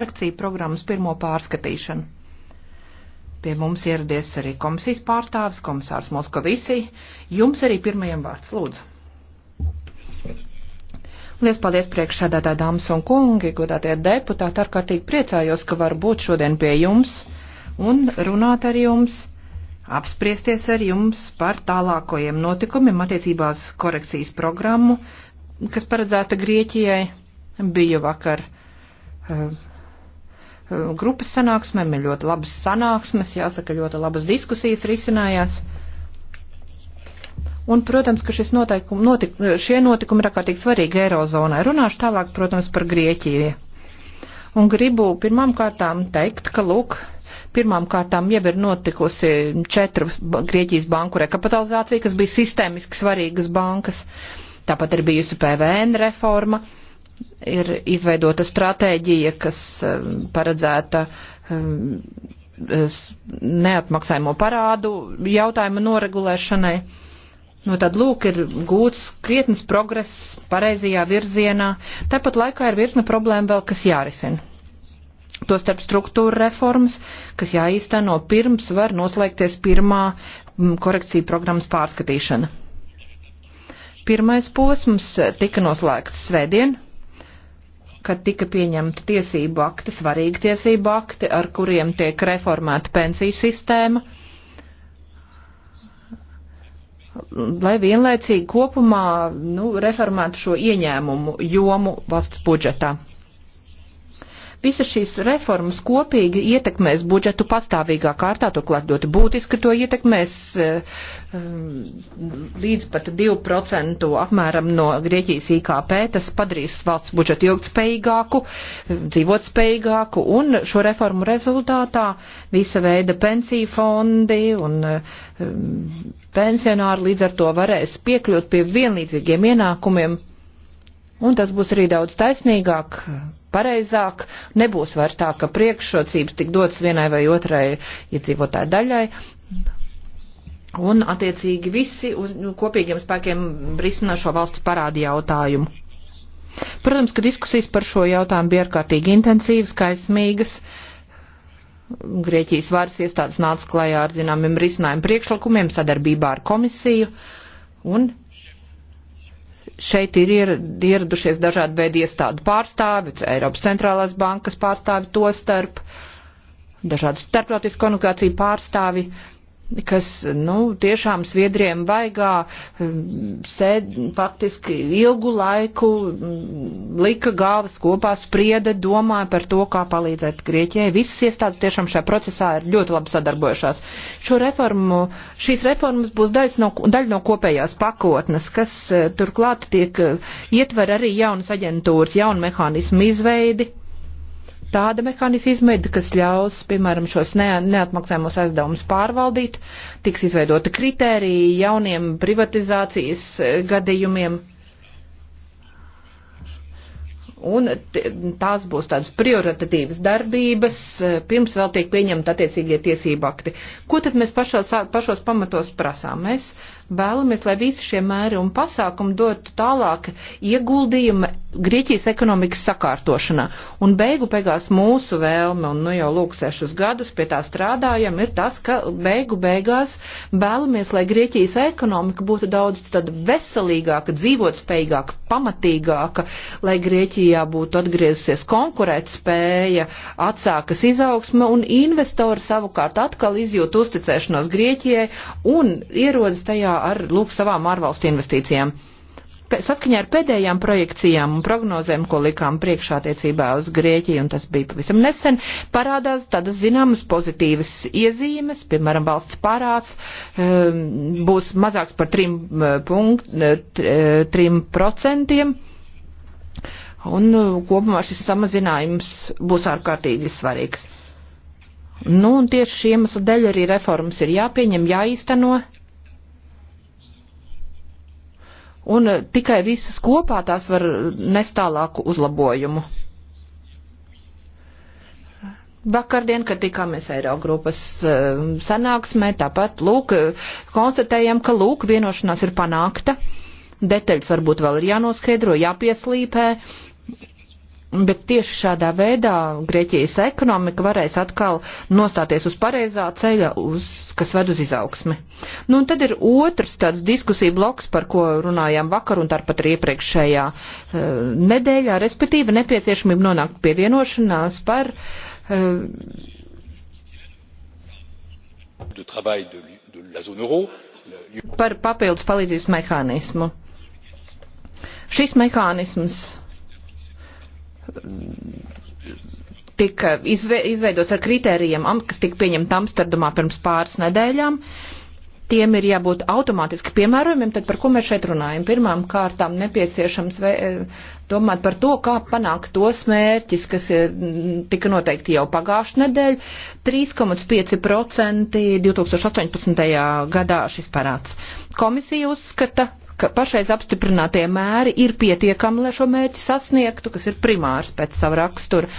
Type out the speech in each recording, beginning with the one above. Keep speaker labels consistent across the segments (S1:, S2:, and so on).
S1: korekciju programmas pirmo pārskatīšanu. Pie mums ieradies arī komisijas pārstāvis, komisārs Moskavisī. Jums arī pirmajam vārds lūdzu. Lies paldies priekšsēdētā dāmas un kungi, godātie deputāti, ārkārtīgi priecājos, ka var būt šodien pie jums un runāt ar jums, apspriesties ar jums par tālākajiem notikumiem attiecībās korekcijas programmu, kas paredzēta Grieķijai, bija vakar. Uh, Eh, grupas sanāksmēm, ir ļoti labas sanāksmes, jāsaka, ļoti labas diskusijas risinājās. Un, protams, ka šis noteikumi, notik, eh, šie notikumi ir ārkārtīgi svarīgi Eirozonai. Runāšu tālāk, protams, par Grieķiju. Un gribu pirmām kārtām teikt, ka, lūk, pirmām kārtām jau ir notikusi četru Grieķijas banku rekapitalizācija, kas bija sistēmiski svarīgas bankas. Tāpat ir bijusi PVN reforma. Uh, ir izveidota stratēģija, kas um, paredzēta um, neatmaksājumu parādu jautājumu noregulēšanai. No nu, tad lūk ir gūts krietnes progress pareizajā virzienā, tāpat laikā ir virkne problēma vēl, kas jārisina. Tostarp struktūra reformas, kas jāīsteno pirms var noslēgties pirmā mm, korekcija programmas pārskatīšana. Pirmais posms tika noslēgts svētdien, kad tika pieņemta tiesību akti, svarīgi tiesību akti, ar kuriem tiek reformēta pensiju sistēma, lai vienlaicīgi kopumā nu, reformētu šo ieņēmumu jomu valsts budžetā. Visa šīs reformas kopīgi ietekmēs budžetu pastāvīgā kārtā, turklāt ļoti būtiski to ietekmēs eh, um, līdz pat 2% apmēram no Grieķijas IKP. Tas padarīs valsts budžetu ilgtspējīgāku, eh, dzīvotspējīgāku un šo reformu rezultātā visa veida pensiju fondi un eh, um, pensionāri līdz ar to varēs piekļūt pie vienlīdzīgiem ienākumiem. Un tas būs arī daudz taisnīgāk, pareizāk, nebūs vairs tā, ka priekšrocības tik dots vienai vai otrai iedzīvotāju daļai. Un, attiecīgi, visi uz nu, kopīgiem spēkiem risina šo valsts parādu jautājumu. Protams, ka diskusijas par šo jautājumu bija ārkārtīgi intensīvas, kaismīgas. Grieķijas varas iestādes nāca klajā ar zināmiem risinājumu priekšlikumiem sadarbībā ar komisiju. Un šeit ir ieradušies dažādi veidi iestādu pārstāvi, Eiropas centrālās bankas pārstāvi to starp, dažādu starptautisku organizāciju pārstāvi. Uh, kas, nu, tiešām sviedriem vaigā um, sēd faktiski ilgu laiku, mm, lika galvas kopā, sprieda, domāja par to, kā palīdzēt Grieķijai. Visas iestādes tiešām šajā procesā ir ļoti labi sadarbojušās. Šo reformu, šīs reformas būs daļa no, daļa no kopējās pakotnes, kas eh, turklāt tiek eh, ietver arī jaunas aģentūras, jaunu mehānismu izveidi, tāda mehānisma izveida, kas ļaus, piemēram, šos ne, neatmaksājumos aizdevumus pārvaldīt, tiks izveidota kritērija jauniem privatizācijas e, gadījumiem. Un tās būs tādas prioritatīvas darbības, e, pirms vēl tiek pieņemta attiecīgie tiesība akti. Ko tad mēs pašos, pašos pamatos prasām? Mēs Vēlamies, lai visi šie mēri un pasākumi dotu tālāk ieguldījumu Grieķijas ekonomikas sakārtošanā. Un beigu beigās mūsu vēlme, un nu jau lūk sešus gadus pie tā strādājam, ir tas, ka beigu beigās vēlamies, lai Grieķijas ekonomika būtu daudz tad veselīgāka, dzīvotspējīgāka, pamatīgāka, lai Grieķijā būtu atgriezusies konkurētspēja, atsākas izaugsme un investori savukārt atkal izjūt uzticēšanos Grieķijai un ierodas tajā ar lūk savām ārvalstu investīcijām. Saskaņā ar pēdējām projekcijām un prognozēm, ko likām priekšā attiecībā uz Grieķiju, un tas bija pavisam nesen, parādās tādas zināmas pozitīvas iezīmes, piemēram, valsts parāds um, būs mazāks par 3%. Eh, punkt, 3% eh, eh, un kopumā šis samazinājums būs ārkārtīgi svarīgs. Nu, un tieši šī iemesla dēļ arī reformas ir jāpieņem, jāīsteno, un eh, tikai visas kopā tās var nest tālāku uzlabojumu. Vakardien, kad tikāmies Eirogrupas eh, sanāksmē, tāpat lūk, eh, konstatējam, ka lūk, vienošanās ir panākta. Detaļas varbūt vēl ir jānoskaidro, jāpieslīpē, Bet tieši šādā veidā Grieķijas ekonomika varēs atkal nostāties uz pareizā ceļa, uz, kas ved uz izaugsmi. Nu, un tad ir otrs tāds diskusija bloks, par ko runājām vakar un tāpat arī iepriekšējā uh, nedēļā, respektīvi nepieciešamība nonākt pie vienošanās par. Uh, par papildus palīdzības mehānismu. Šis mehānisms tika izve, izveidots ar kritērijiem, kas tika pieņemta Amsterdamā pirms pāris nedēļām. Tiem ir jābūt automātiski piemērojumiem, tad par ko mēs šeit runājam? Pirmām kārtām nepieciešams vē, domāt par to, kā panākt tos mērķis, kas ir, eh, tika noteikti jau pagājušajā nedēļā. 3,5% 2018. gadā šis parāds. Komisija uzskata, ka pašreiz apstiprinātie mēri ir pietiekami, lai šo mērķi sasniegtu, kas ir primārs pēc savu raksturu.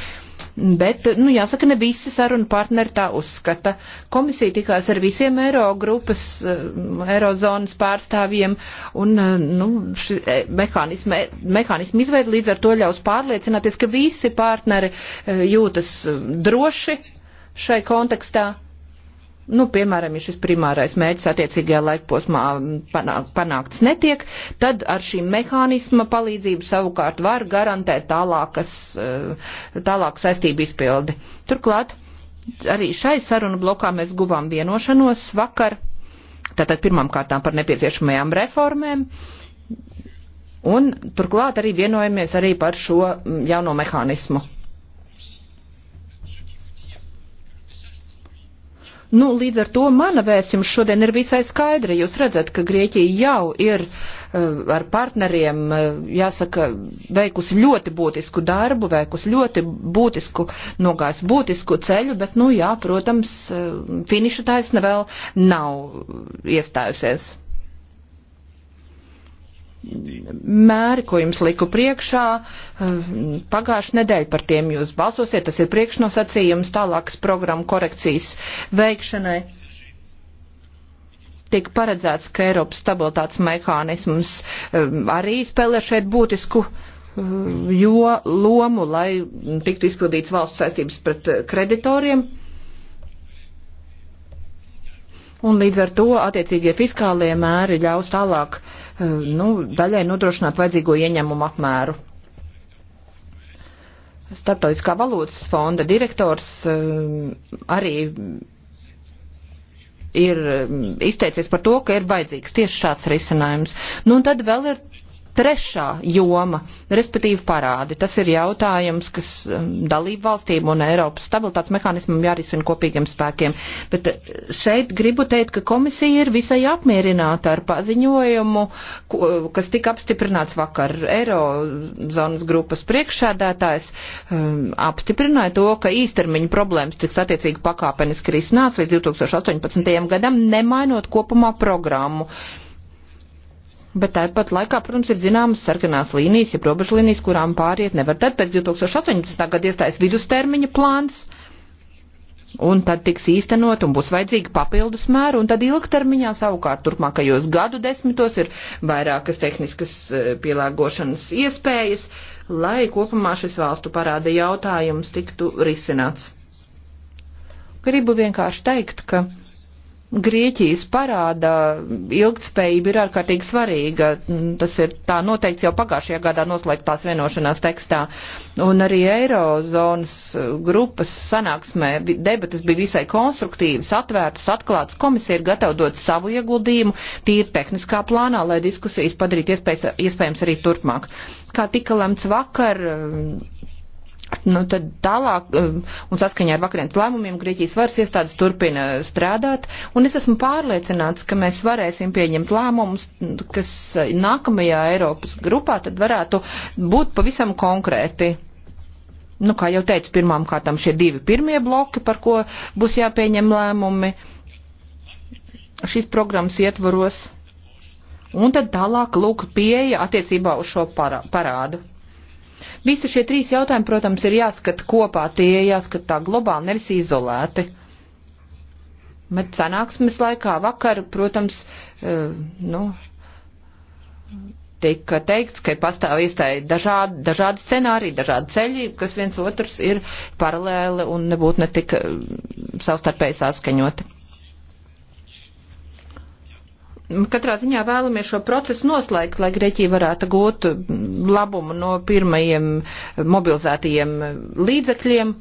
S1: Bet, nu, jāsaka, ne visi sarunu partneri tā uzskata. Komisija tikās ar visiem Eiro grupas, eh, Eirozonas pārstāvjiem, un, eh, nu, šī eh, mehānisma, mehānisma izveida līdz ar to ļaus pārliecināties, ka visi partneri jūtas droši šai kontekstā nu, piemēram, ja šis primārais mērķis attiecīgajā laikposmā panākts netiek, tad ar šī mehānisma palīdzību savukārt var garantēt tālākas, eh, tālāku saistību izpildi. Turklāt arī šai sarunu blokā mēs guvām vienošanos vakar, tātad pirmām kārtām par nepieciešamajām reformēm. Un turklāt arī vienojamies arī par šo jauno mehānismu Nu, līdz ar to mana vēstījums šodien ir visai skaidra. Jūs redzat, ka Grieķija jau ir uh, ar partneriem, uh, jāsaka, veikusi ļoti būtisku darbu, veikusi ļoti būtisku, nogājis būtisku ceļu, bet, nu jā, protams, uh, finiša taisna vēl nav iestājusies mēri, ko jums liku priekšā. Pagājušajā nedēļā par tiem jūs balsosiet. Tas ir priekšnosacījums tālākas programmu korekcijas veikšanai. Tiek paredzēts, ka Eiropas stabilitātes mehānisms um, arī spēlē šeit būtisku um, jo, lomu, lai tiktu izpildīts valsts saistības pret uh, kreditoriem. Un līdz ar to attiecīgie fiskālie mēri ļaus tālāk uh, Eh, nu, daļai nodrošināt vajadzīgo ieņēmumu apmēru. Startautiskā valūtas fonda direktors eh, arī ir eh, izteicies par to, ka ir vajadzīgs tieši šāds risinājums. Nu, un tad vēl ir Trešā joma, respektīvi parādi, tas ir jautājums, kas um, dalību valstīm un Eiropas stabilitātes mehānismam jārisina kopīgiem spēkiem. Bet uh, šeit gribu teikt, ka komisija ir visai apmierināta ar paziņojumu, kas tika apstiprināts vakar. Eirozonas grupas priekšsēdētājs um, apstiprināja to, ka īstermiņa problēmas tiks attiecīgi pakāpeniski risināts līdz 2018. gadam, nemainot kopumā programmu. Uh, Bet tāpat laikā, protams, ir zināmas sarkanās līnijas, ja robežlīnijas, kurām pāriet nevar. Tad pēc 2018. gada iestājas vidustermiņa plāns, un tad tiks īstenot un būs vajadzīgi papildus mēru, un tad ilgtermiņā savukārt turpmākajos gadu desmitos ir vairākas tehniskas e, pielāgošanas iespējas, lai kopumā šis valstu parāda jautājums tiktu risināts. Gribu vienkārši teikt, ka Grieķijas parāda ilgtspējība ir ārkārtīgi svarīga. Tas ir tā noteikts jau pagājušajā gadā noslēgtās vienošanās tekstā. Un arī Eirozonas grupas sanāksmē debatas bija visai konstruktīvas, atvērtas, atklātas. Komisija ir gatava dot savu ieguldījumu tīri tehniskā plānā, lai diskusijas padarītu iespējas, iespējams arī turpmāk. Kā tika lemts vakar, Nu, tad tālāk, eh, un saskaņā ar vakarienes lēmumiem, Grieķijas varas iestādes turpina strādāt, un es esmu pārliecināts, ka mēs varēsim pieņemt lēmumus, kas nākamajā Eiropas grupā tad varētu būt pavisam konkrēti. Nu, kā jau teicu, pirmām kārtām šie divi pirmie bloki, par ko būs jāpieņem lēmumi šīs programmas ietvaros, un tad tālāk lūk pieeja attiecībā uz šo parādu. Visi šie trīs jautājumi, protams, ir jāskata kopā, tie jāskata tā globāli, nevis izolēti. Bet sanāksmes laikā vakar, protams, eh, nu, tika teikts, ka pastāv iestāja dažādi, dažādi scenāriji, dažādi ceļi, kas viens otrs ir paralēli un nebūtu netika eh, savstarpēji saskaņoti katrā ziņā vēlamies šo procesu noslēgt, lai Grieķija varētu gūt labumu no pirmajiem mobilizētajiem līdzekļiem.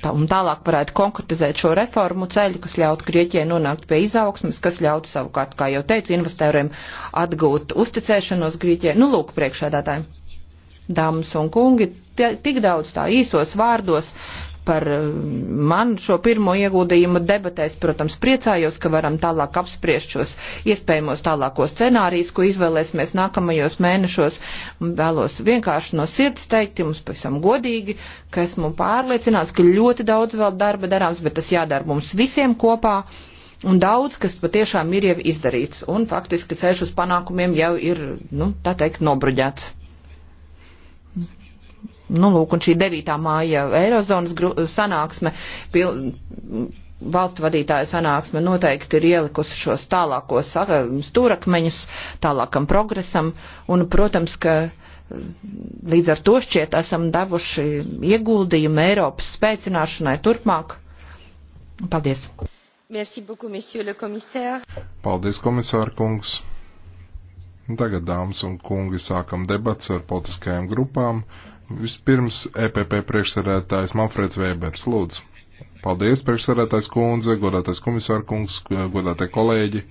S1: Tā, un tālāk varētu konkretizēt šo reformu ceļu, kas ļautu Grieķijai nonākt pie izaugsmas, kas ļautu savukārt, kā jau teicu, investoriem atgūt uzticēšanos Grieķijai. Nu, lūk, priekšēdātājiem. Dāmas un kungi, tik daudz tā īsos vārdos par eh, man šo pirmo ieguldījumu debatēs. Protams, priecājos, ka varam tālāk apspriest šos iespējamos tālākos scenārijus, ko izvēlēsimies nākamajos mēnešos. Vēlos vienkārši no sirds teikt, jums pavisam godīgi, ka esmu pārliecināts, ka ļoti daudz vēl darba darāms, bet tas jādara mums visiem kopā. Un daudz, kas patiešām ir jau izdarīts, un faktiski ceļš uz panākumiem jau ir, nu, tā teikt, nobruģēts. Nu, lūk, un šī 9. māja Eirozonas sanāksme, pil, valstu vadītāju sanāksme noteikti ir ielikusi šos tālākos uh, stūrakmeņus, tālākam progresam, un, protams, ka uh, līdz ar to šķiet esam devuši ieguldījumu Eiropas spēcināšanai turpmāk. Paldies!
S2: Merci beaucoup, monsieur le commissaire.
S3: Paldies, komisār kungs! Tagad, dāmas un kungi, sākam debats ar politiskajām grupām. Vispirms EPP priekšsarētājs Manfreds Vēbers. Lūdzu. Paldies, priekšsarētājs kundze, godātais komisāra kungs, godātie kolēģi.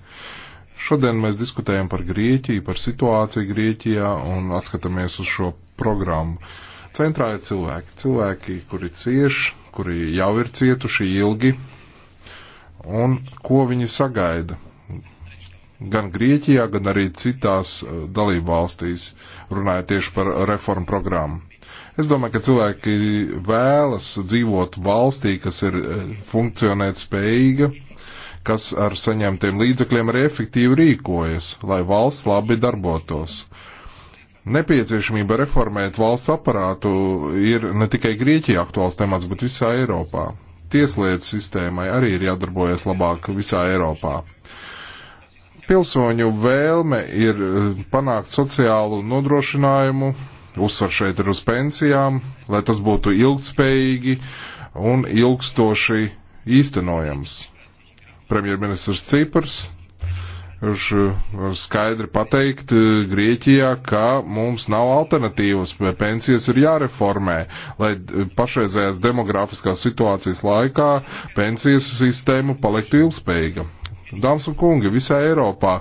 S3: Šodien mēs diskutējam par Grieķiju, par situāciju Grieķijā un atskatāmies uz šo programmu. Centrā ir cilvēki. Cilvēki, kuri cieš, kuri jau ir cietuši ilgi un ko viņi sagaida gan Grieķijā, gan arī citās eh, dalību valstīs, runājot tieši par reformu programmu. Es domāju, ka cilvēki vēlas dzīvot valstī, kas ir eh, funkcionēt spējīga, kas ar saņemtiem līdzekļiem arī efektīvi rīkojas, lai valsts labi darbotos. Nepieciešamība reformēt valsts aparātu ir ne tikai Grieķija aktuāls temats, bet visā Eiropā. Tieslietu sistēmai arī ir jādarbojas labāk visā Eiropā pilsoņu vēlme ir eh, panākt sociālu nodrošinājumu, Uzsver šeit ir uz pensijām, lai tas būtu ilgspējīgi un ilgstoši īstenojams. Premjerministrs Cipars Viņš var skaidri pateikt eh, Grieķijā, ka mums nav alternatīvas, pensijas ir jāreformē, lai eh, pašreizējās demografiskās situācijas laikā pensijas sistēmu paliktu ilgspējīga. Dāmas un kungi, visā Eiropā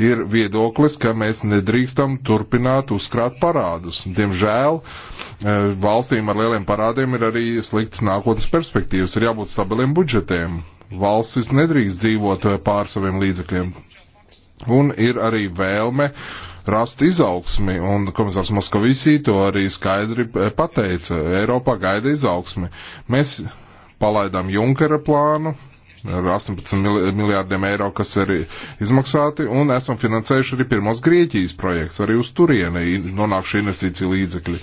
S3: ir viedoklis, ka mēs nedrīkstam turpināt uzkrāt parādus. Diemžēl eh, valstīm ar lieliem parādiem ir arī slikts nākotnes perspektīvas, ir jābūt stabiliem budžetiem. Valstis nedrīkst dzīvot eh, pār saviem līdzekļiem. Un ir arī vēlme rast izaugsmi, un komisārs Moskavisī to arī skaidri eh, pateica. Eiropā gaida izaugsmi. Mēs palaidām Junkera plānu, ar 18 miljārdiem eiro, kas ir izmaksāti, un esam finansējuši arī pirmos Grieķijas projekts, arī uz turieni nonākšu investīciju līdzekļi.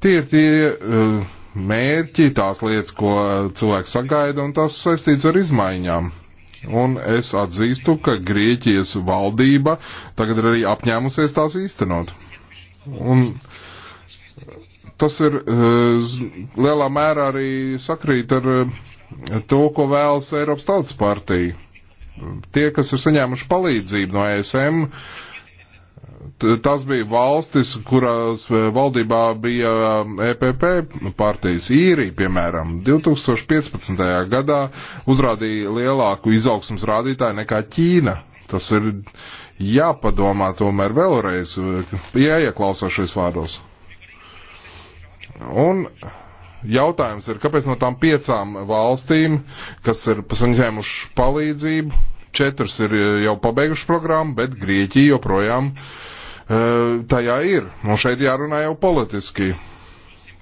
S3: Tie ir tie eh, mērķi, tās lietas, ko cilvēks sagaida, un tas saistīts ar izmaiņām. Un es atzīstu, ka Grieķijas valdība tagad ir arī apņēmusies tās īstenot. Un tas ir eh, lielā mērā arī sakrīt ar eh, to, ko vēlas Eiropas Tautas partija. Tie, kas ir saņēmuši palīdzību no ESM, tas bija valstis, kurās eh, valdībā bija EPP eh, e partijas. Īrija, piemēram, 2015. gadā uzrādīja lielāku izaugsmas rādītāju nekā Ķīna. Tas ir jāpadomā tomēr vēlreiz, eh, jāieklausās šais vārdos. Un Jautājums ir, kāpēc no tām piecām valstīm, kas ir saņēmuši palīdzību, četras ir jau pabeigušas programmu, bet Grieķija joprojām e, tajā ir. Un šeit jārunā jau politiski.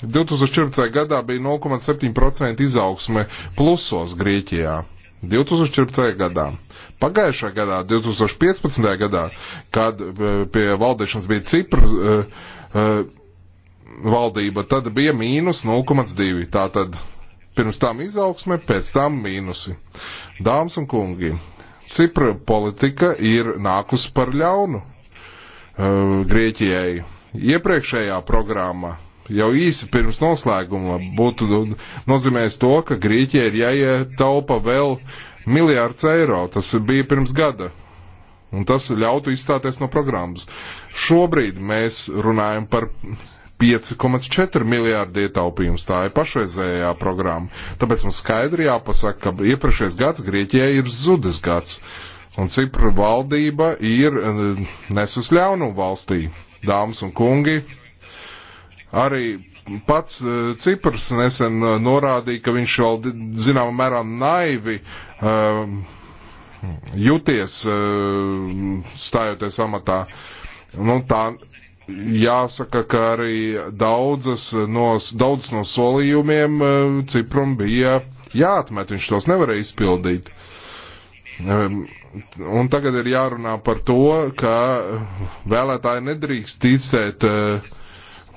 S3: 2014. gadā bija 0,7% izaugsme plusos Grieķijā. 2014. gadā. Pagājušā gadā, 2015. gadā, kad e, pie valdīšanas bija Cipra, e, valdība, tad bija mīnus 0,2. Tātad pirms tam izaugsme, pēc tam mīnusi. Dāmas un kungi, Cipra politika ir nākus par ļaunu uh, Grieķijai. Iepriekšējā programma jau īsi pirms noslēguma būtu nozīmējis to, ka Grieķijai ir jāietaupa vēl miljārds eiro. Tas bija pirms gada. Un tas ļautu izstāties no programmas. Šobrīd mēs runājam par 5,4 miljārdi ietaupījums. Tā ir pašreizējā programma. Tāpēc mums skaidri jāpasaka, ka iepriekšējais gads Grieķijai ir zudis gads. Un Cipra valdība ir eh, nesus ļaunumu valstī. Dāmas un kungi, arī pats eh, Cipras nesen eh, norādīja, ka viņš vēl zināmā mērā naivi um, juties um, stājoties amatā. Nu, tā Jāsaka, ka arī daudzas no, daudz no solījumiem e, Cipram bija jāatmet, viņš tos nevarēja izpildīt. E, un tagad ir jārunā par to, ka vēlētāji nedrīkst ticēt uh,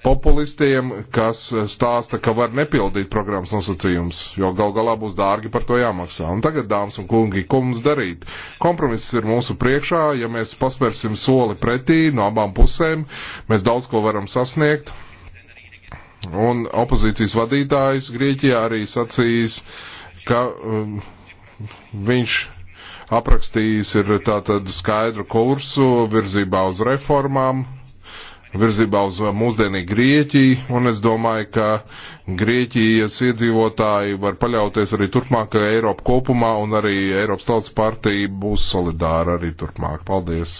S3: populistiem, kas eh, stāsta, ka var nepildīt programmas nosacījumus, jo gal galā būs dārgi par to jāmaksā. Un tagad, dāmas un kungi, ko mums darīt? Kompromiss ir mūsu priekšā, ja mēs paspērsim soli pretī no abām pusēm, mēs daudz ko varam sasniegt. Un opozīcijas vadītājs Grieķijā arī sacījis, ka um, viņš aprakstījis ir tātad skaidru kursu virzībā uz reformām, virzībā uz uh, mūsdienīgu Grieķiju, un es domāju, ka Grieķijas iedzīvotāji var paļauties arī turpmāk, ka Eiropa kopumā un arī Eiropas tautas partija būs solidāra arī turpmāk. Paldies!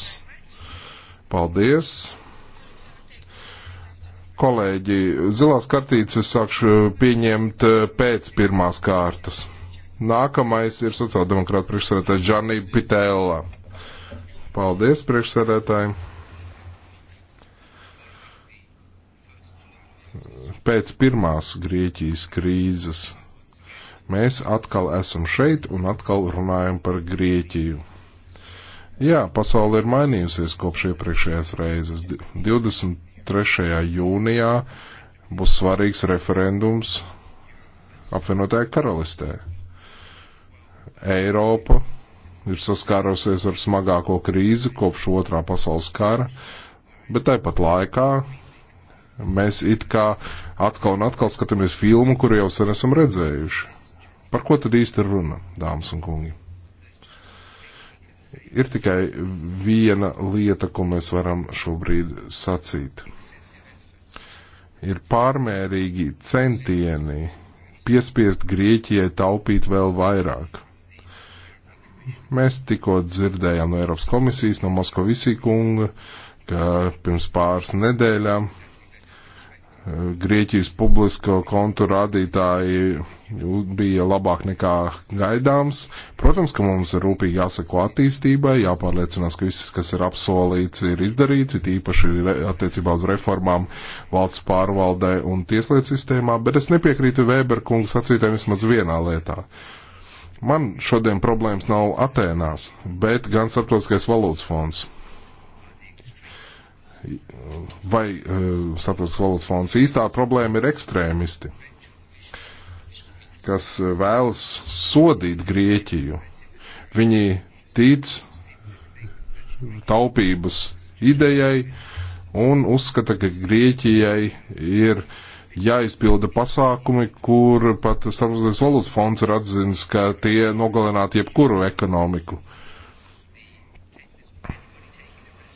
S3: Paldies! Kolēģi, zilās kartītes sākšu uh, pieņemt uh, pēc pirmās kārtas. Nākamais ir sociāldemokrāta priekšsēdētājs Džanī Pitēlā. Paldies priekšsēdētājiem! pēc pirmās Grieķijas krīzes. Mēs atkal esam šeit un atkal runājam par Grieķiju. Jā, pasaule ir mainījusies kopš iepriekšējās reizes. 23. jūnijā būs svarīgs referendums apvienotajā karalistē. Eiropa ir saskārusies ar smagāko krīzi kopš otrā pasaules kara, bet tāpat laikā mēs it kā atkal un atkal skatāmies filmu, kuru jau sen esam redzējuši. Par ko tad īsti ir runa, dāmas un kungi? Ir tikai viena lieta, ko mēs varam šobrīd sacīt. Ir pārmērīgi centieni piespiest Grieķijai taupīt vēl vairāk. Mēs tikko dzirdējām no Eiropas komisijas, no Moskovisī kunga, ka pirms pāris nedēļām Grieķijas publisko kontu rādītāji bija labāk nekā gaidāms. Protams, ka mums ir rūpīgi jāsako attīstībai, jāpārliecinās, ka viss, kas ir apsolīts, ir izdarīts, it īpaši attiecībā uz reformām valsts pārvaldē un tieslietu sistēmā, bet es nepiekrītu Vēberkungu sacītēm vismaz vienā lietā. Man šodien problēmas nav Atēnās, bet gan starptautiskais valūtas fonds vai eh, starptautiskās valodas fonds. Īstā problēma ir ekstrēmisti, kas eh, vēlas sodīt Grieķiju. Viņi tic taupības idejai un uzskata, ka Grieķijai ir jāizpilda pasākumi, kur pat starptautiskās valodas fonds ir atzinis, ka tie nogalinātu jebkuru ekonomiku. Uh,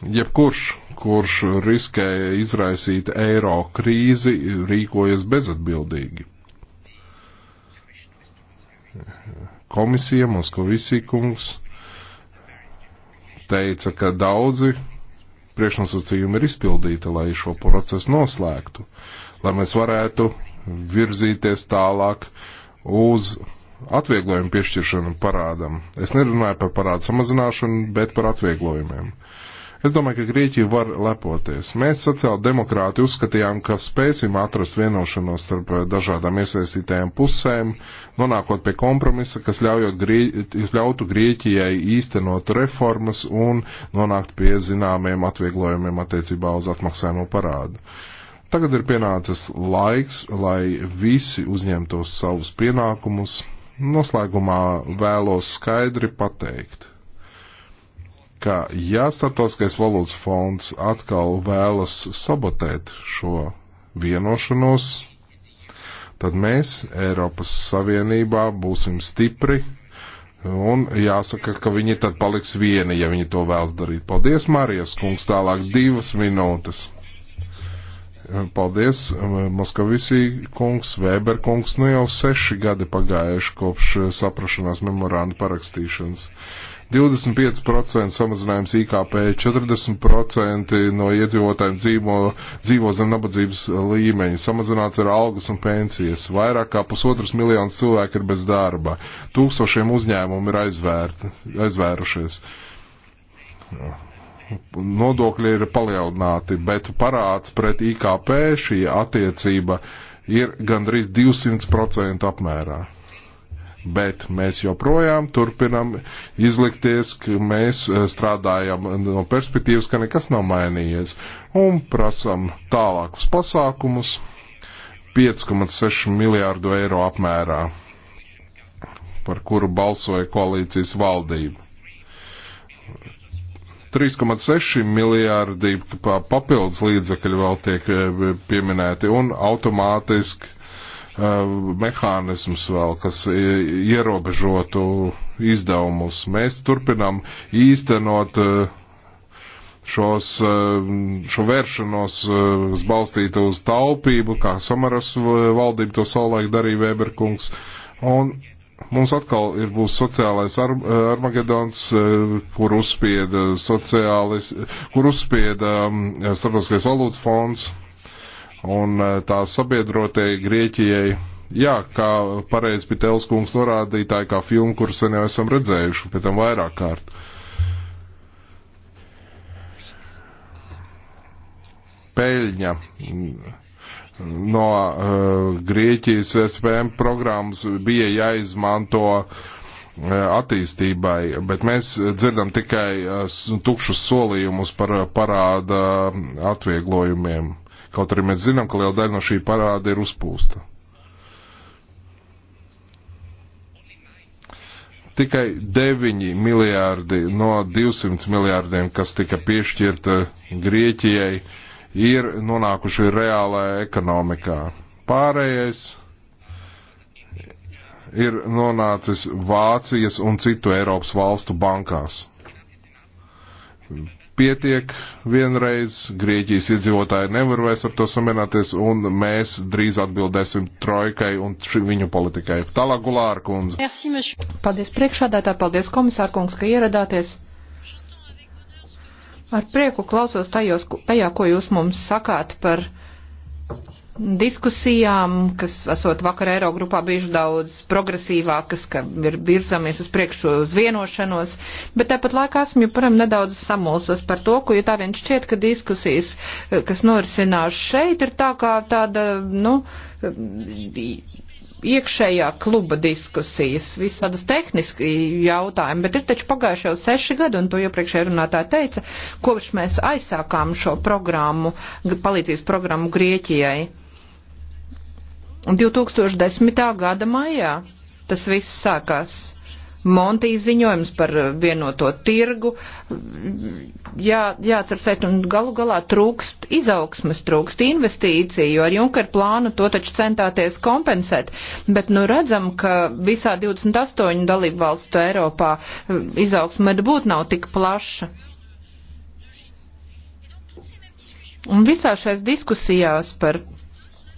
S3: Jebkurš, kurš riskēja izraisīt eiro krīzi, rīkojas bezatbildīgi. Komisija Moskovisī kungs teica, ka daudzi priekšnosacījumi ir izpildīti, lai šo procesu noslēgtu, lai mēs varētu virzīties tālāk uz atvieglojumu piešķiršanu parādam. Es nerunāju par parādu samazināšanu, bet par atvieglojumiem. Es domāju, ka Grieķija var lepoties. Mēs sociāldemokrāti uzskatījām, ka spēsim atrast vienošanos starp eh, dažādām iesaistītajām pusēm, nonākot pie kompromisa, kas Grieķi, ļautu Grieķijai īstenot reformas un nonākt pie zināmiem atvieglojumiem attiecībā uz atmaksājumu parādu. Tagad ir pienācis laiks, lai visi uzņemtos savus pienākumus. Noslēgumā vēlos skaidri pateikt ka ja Startautiskais valūtas fonds atkal vēlas sabotēt šo vienošanos, tad mēs Eiropas Savienībā būsim stipri Un jāsaka, ka viņi tad paliks vieni, ja viņi to vēlas darīt. Paldies, Mārijas kungs, tālāk divas minūtes. Paldies, Moskavisī kungs, Vēber kungs, nu jau seši gadi pagājuši kopš saprašanās memoranda parakstīšanas. Uh, 25% samazinājums IKP, 40% no iedzīvotājiem dzīvo, dzīvo zem nabadzības līmeņa, samazināts ir algas un pensijas, vairāk kā pusotras miljonas cilvēku ir bez darba, tūkstošiem uzņēmumu ir aizvērti, aizvērušies. Nodokļi ir palielināti, bet parāds pret IKP šī attiecība ir gandrīz 200% apmērā bet mēs joprojām turpinam izlikties, ka mēs eh, strādājam no perspektīvas, ka nekas nav mainījies un prasam tālākus pasākumus 5,6 miljārdu eiro apmērā, par kuru balsoja koalīcijas valdība. 3,6 miljārdi papildus līdzekļi vēl tiek eh, pieminēti un automātiski Eh, mehānisms vēl, kas eh, ierobežotu izdevumus. Mēs turpinām īstenot eh, šos, šo vēršanos, kas balstītu uz taupību, kā Samaras valdība to savulaik darīja Vēberkungs. Un mums atkal ir būs sociālais ar, armagedons, kur uzspieda sociālis, kur uzspieda mm, starptautiskais valūtas fonds un e, tā sabiedrotie Grieķijai. Jā, kā pareizi Pitēls kungs norādīja, tā ir kā filma, kuru sen jau esam redzējuši, pēc tam vairāk kārt. Peļņa no uh, Grieķijas SVM programmas bija jāizmanto uh, attīstībai, bet mēs dzirdam tikai tukšus solījumus par parāda atvieglojumiem. Kaut arī mēs zinām, ka liela daļa no šī parāda ir uzpūsta. Tikai 9 miljārdi no 200 miljārdiem, kas tika piešķirta Grieķijai, ir nonākuši reālajā ekonomikā. Pārējais ir nonācis Vācijas un citu Eiropas valstu bankās pietiek vienreiz, Grieķijas iedzīvotāji nevar vairs ar to samierināties, un mēs drīz atbildēsim trojkai un viņu politikai. Tālāk Gulāra kundze.
S1: Paldies priekšādātā, paldies komisāra kungs, ka ieradāties. Ar prieku klausos tajos, tajā, ko jūs mums sakāt par diskusijām, kas esot vakar Eirogrupā bijuši daudz progresīvākas, ka ir virzamies uz priekšu uz vienošanos, bet tāpat laikā esmu joprojām nedaudz samulsos par to, ko, ja tā vien šķiet, ka diskusijas, eh, kas norisinās šeit, ir tā kā tāda, nu, eh, iekšējā kluba diskusijas, visādas tehniski jautājumi, bet ir taču pagājuši jau seši gadi, un to iepriekšējā runātāja teica, kopš mēs aizsākām šo programmu, palīdzības programmu Grieķijai Un 2010. gada maijā tas viss sākās. Monti ziņojums par vienoto tirgu, jā, jāatcerēt, un galu galā trūkst izaugsmes, trūkst investīciju, ar Junker plānu to taču centāties kompensēt, bet nu redzam, ka visā 28 dalību valstu Eiropā eh, izaugsme būt nav tik plaša. Un visā šais diskusijās par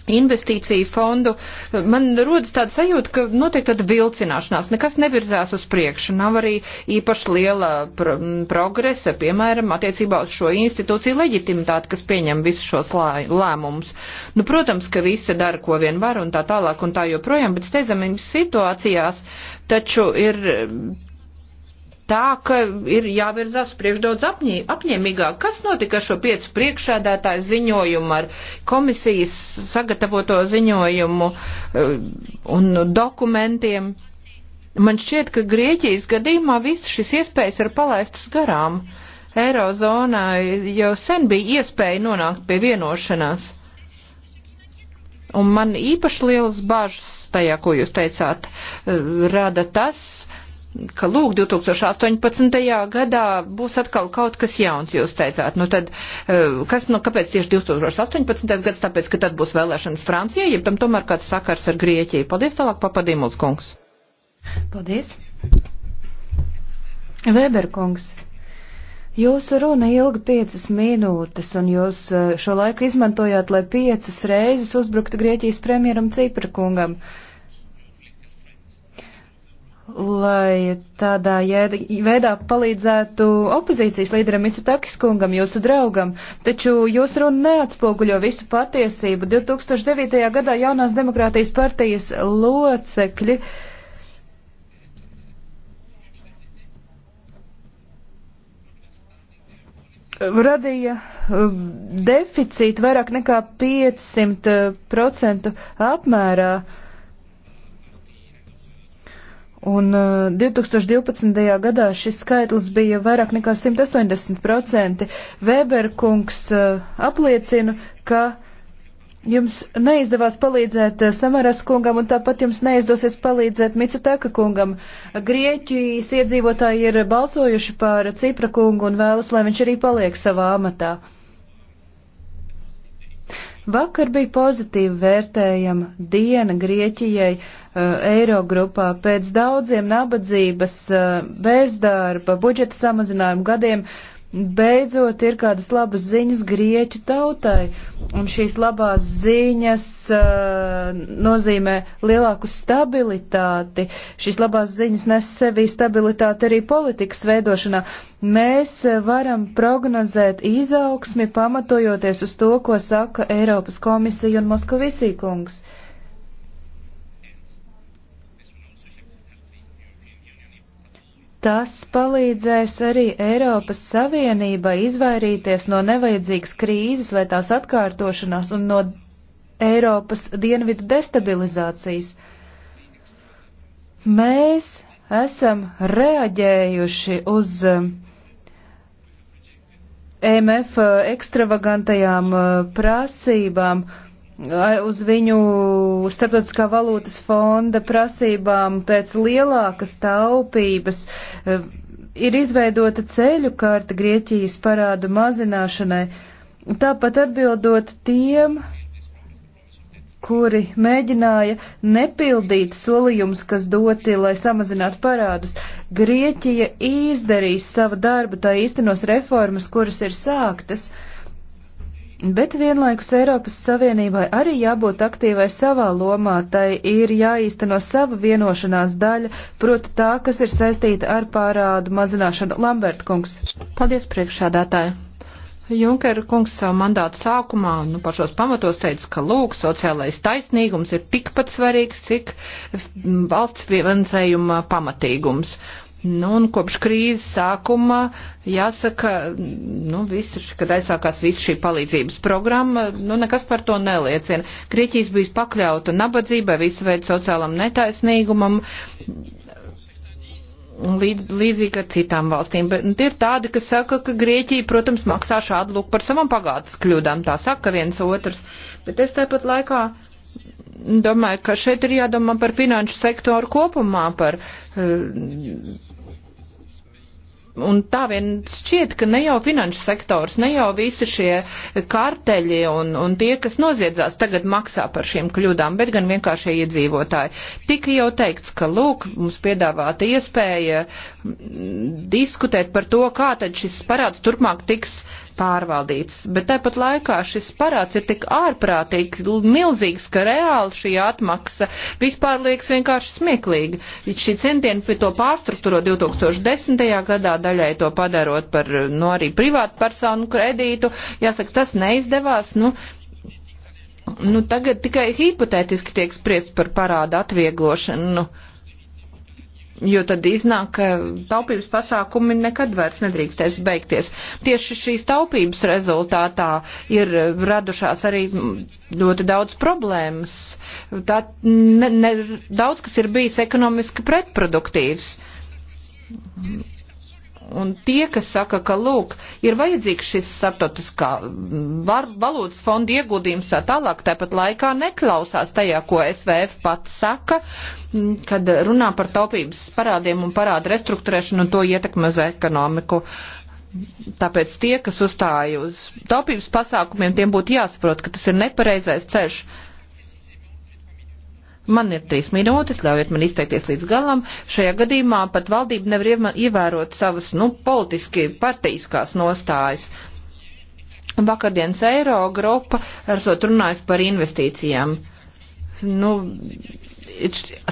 S1: investīciju fondu, man rodas tāda sajūta, ka notiek tāda vilcināšanās, nekas nevirzās uz priekšu, nav arī īpaši liela pro progresa, piemēram, attiecībā uz šo institūciju leģitimitāti, kas pieņem visus šos lēmumus. Nu, protams, ka visi dara, ko vien var un tā tālāk un tā joprojām, bet steidzamības situācijās taču ir tā, ka ir jāvirzās priekš daudz apņē, apņēmīgāk. Kas notika ar šo piecu priekšēdētāju ziņojumu, ar komisijas sagatavoto ziņojumu eh, un dokumentiem? Man šķiet, ka Grieķijas gadījumā visas šīs iespējas ir palaistas garām. Eirozonai jau sen bija iespēja nonākt pie vienošanās. Un man īpaši lielas bažas tajā, ko jūs teicāt, eh, rada tas, ka lūk, 2018. gadā būs atkal kaut kas jauns, jūs teicāt. Nu tad, e, kas, nu, kāpēc tieši 2018. gads? Tāpēc, ka tad būs vēlēšanas Francijai, ja tam tomēr kāds sakars ar Grieķiju.
S4: Paldies tālāk, papadīmuls kungs. Paldies. Weber kungs. Jūsu runa ilga piecas minūtes, un jūs e, šo laiku izmantojāt, lai piecas reizes uzbruktu Grieķijas premjeram Cipra kungam. Uh, lai tādā jēda, veidā palīdzētu opozīcijas līderam Mitsutakis kungam, jūsu draugam, taču jūs runa neatspoguļo visu patiesību. 2009. gadā jaunās demokrātijas partijas locekļi radīja uh, deficītu vairāk nekā 500% uh, apmērā. Uh, Un 2012. Uh, gadā šis skaitlis bija vairāk nekā 180%. Vēberkungs uh, apliecina, ka jums neizdevās palīdzēt uh, Samaras kungam un tāpat jums neizdosies palīdzēt Mitsutaka kungam. Grieķijas iedzīvotāji ir balsojuši par Cipra kungu un vēlas, lai viņš arī paliek savā amatā. Vakar bija pozitīvi vērtējama diena Grieķijai Eh, Eirogrupā pēc daudziem nabadzības, eh, bezdarba, budžeta samazinājumu gadiem beidzot ir kādas labas ziņas grieķu tautai, un šīs labās ziņas uh, nozīmē lielāku stabilitāti. Šīs labās ziņas nes sevī stabilitāti arī politikas veidošanā. Mēs varam prognozēt izaugsmi, pamatojoties uz to, ko saka Eiropas komisija un Moskavisī kungs. Uh, Tas palīdzēs arī Eiropas Savienībai izvairīties no nevajadzīgas krīzes vai tās atkārtošanās un no Eiropas dienvidu destabilizācijas. Mēs esam reaģējuši uz MF um, uh, ekstravagantajām uh, prasībām uz viņu starptautiskā valūtas fonda prasībām pēc lielākas taupības e, ir izveidota ceļu kārta Grieķijas parādu mazināšanai. Tāpat atbildot tiem, kuri mēģināja nepildīt solījumus, kas doti, lai samazinātu parādus. Grieķija izdarīs savu darbu, tā īstenos reformas, kuras ir sāktas. Uh, Bet vienlaikus Eiropas Savienībai arī jābūt aktīvai savā lomā, tai ir jāīsteno sava vienošanās daļa, proti tā, kas ir saistīta ar pārādu mazināšanu. Lambert kungs. Paldies priekšādātāji. Junkera kungs savu mandātu
S1: sākumā, nu, pašos pamatos teica, ka, lūk, sociālais taisnīgums ir tikpat svarīgs, cik mm, valsts finansējuma pamatīgums. Nu, un kopš krīzes sākuma, jāsaka, nu, visu, kad aizsākās visu šī palīdzības programma, nu, nekas par to neliecina. Grieķijas bija pakļauta nabadzībai, visu veidu sociālam netaisnīgumam, līdz, līdzīgi ar citām valstīm. Bet nu, ir tādi, kas saka, ka Grieķija, protams, maksā šādu lūk par savam pagātnes kļūdām. Tā saka viens otrs. Bet es tāpat laikā domāju, ka šeit ir jādomā par finanšu sektoru kopumā, par uh, Un tā vien šķiet, ka ne jau finanšu sektors, ne jau visi šie karteļi un, un tie, kas noziedzās, tagad maksā par šiem kļūdām, bet gan vienkāršie iedzīvotāji. Tika jau teikts, ka lūk, mums piedāvāta iespēja diskutēt par to, kā tad šis parāds turpmāk tiks pārvaldīts. Bet tāpat laikā šis parāds ir tik ārprātīgs, milzīgs, ka reāli šī atmaksa vispār liekas vienkārši smieklīga. Šī centieni pie to pārstruktūro 2010. gadā daļai to padarot par, nu, arī privātu personu kredītu. Jāsaka, tas neizdevās. Nu, nu, tagad tikai hipotētiski tiek spriest par parādu atvieglošanu. Nu, jo tad iznāk, ka taupības pasākumi nekad vairs nedrīkstēs beigties. Tieši šīs taupības rezultātā ir radušās arī ļoti daudz problēmas. Tā ne, ne, daudz, kas ir bijis ekonomiski pretproduktīvs. Un tie, kas saka, ka, lūk, ir vajadzīgs šis starptautiskā valūtas fonda ieguldījums tā tālāk, tāpat laikā neklausās tajā, ko SVF pats saka, kad runā par taupības parādiem un parādu restruktūrēšanu un to ietekmi uz ekonomiku. Tāpēc tie, kas uzstāja uz taupības pasākumiem, tiem būtu jāsaprot, ka tas ir nepareizais ceļš Man ir trīs minūtes, ļaujiet man izteikties līdz galam. Šajā gadījumā pat valdība nevar ievērot savas, nu, politiski partijiskās nostājas. Vakardienas Eiro grupa ar to runājas par investīcijām. Nu,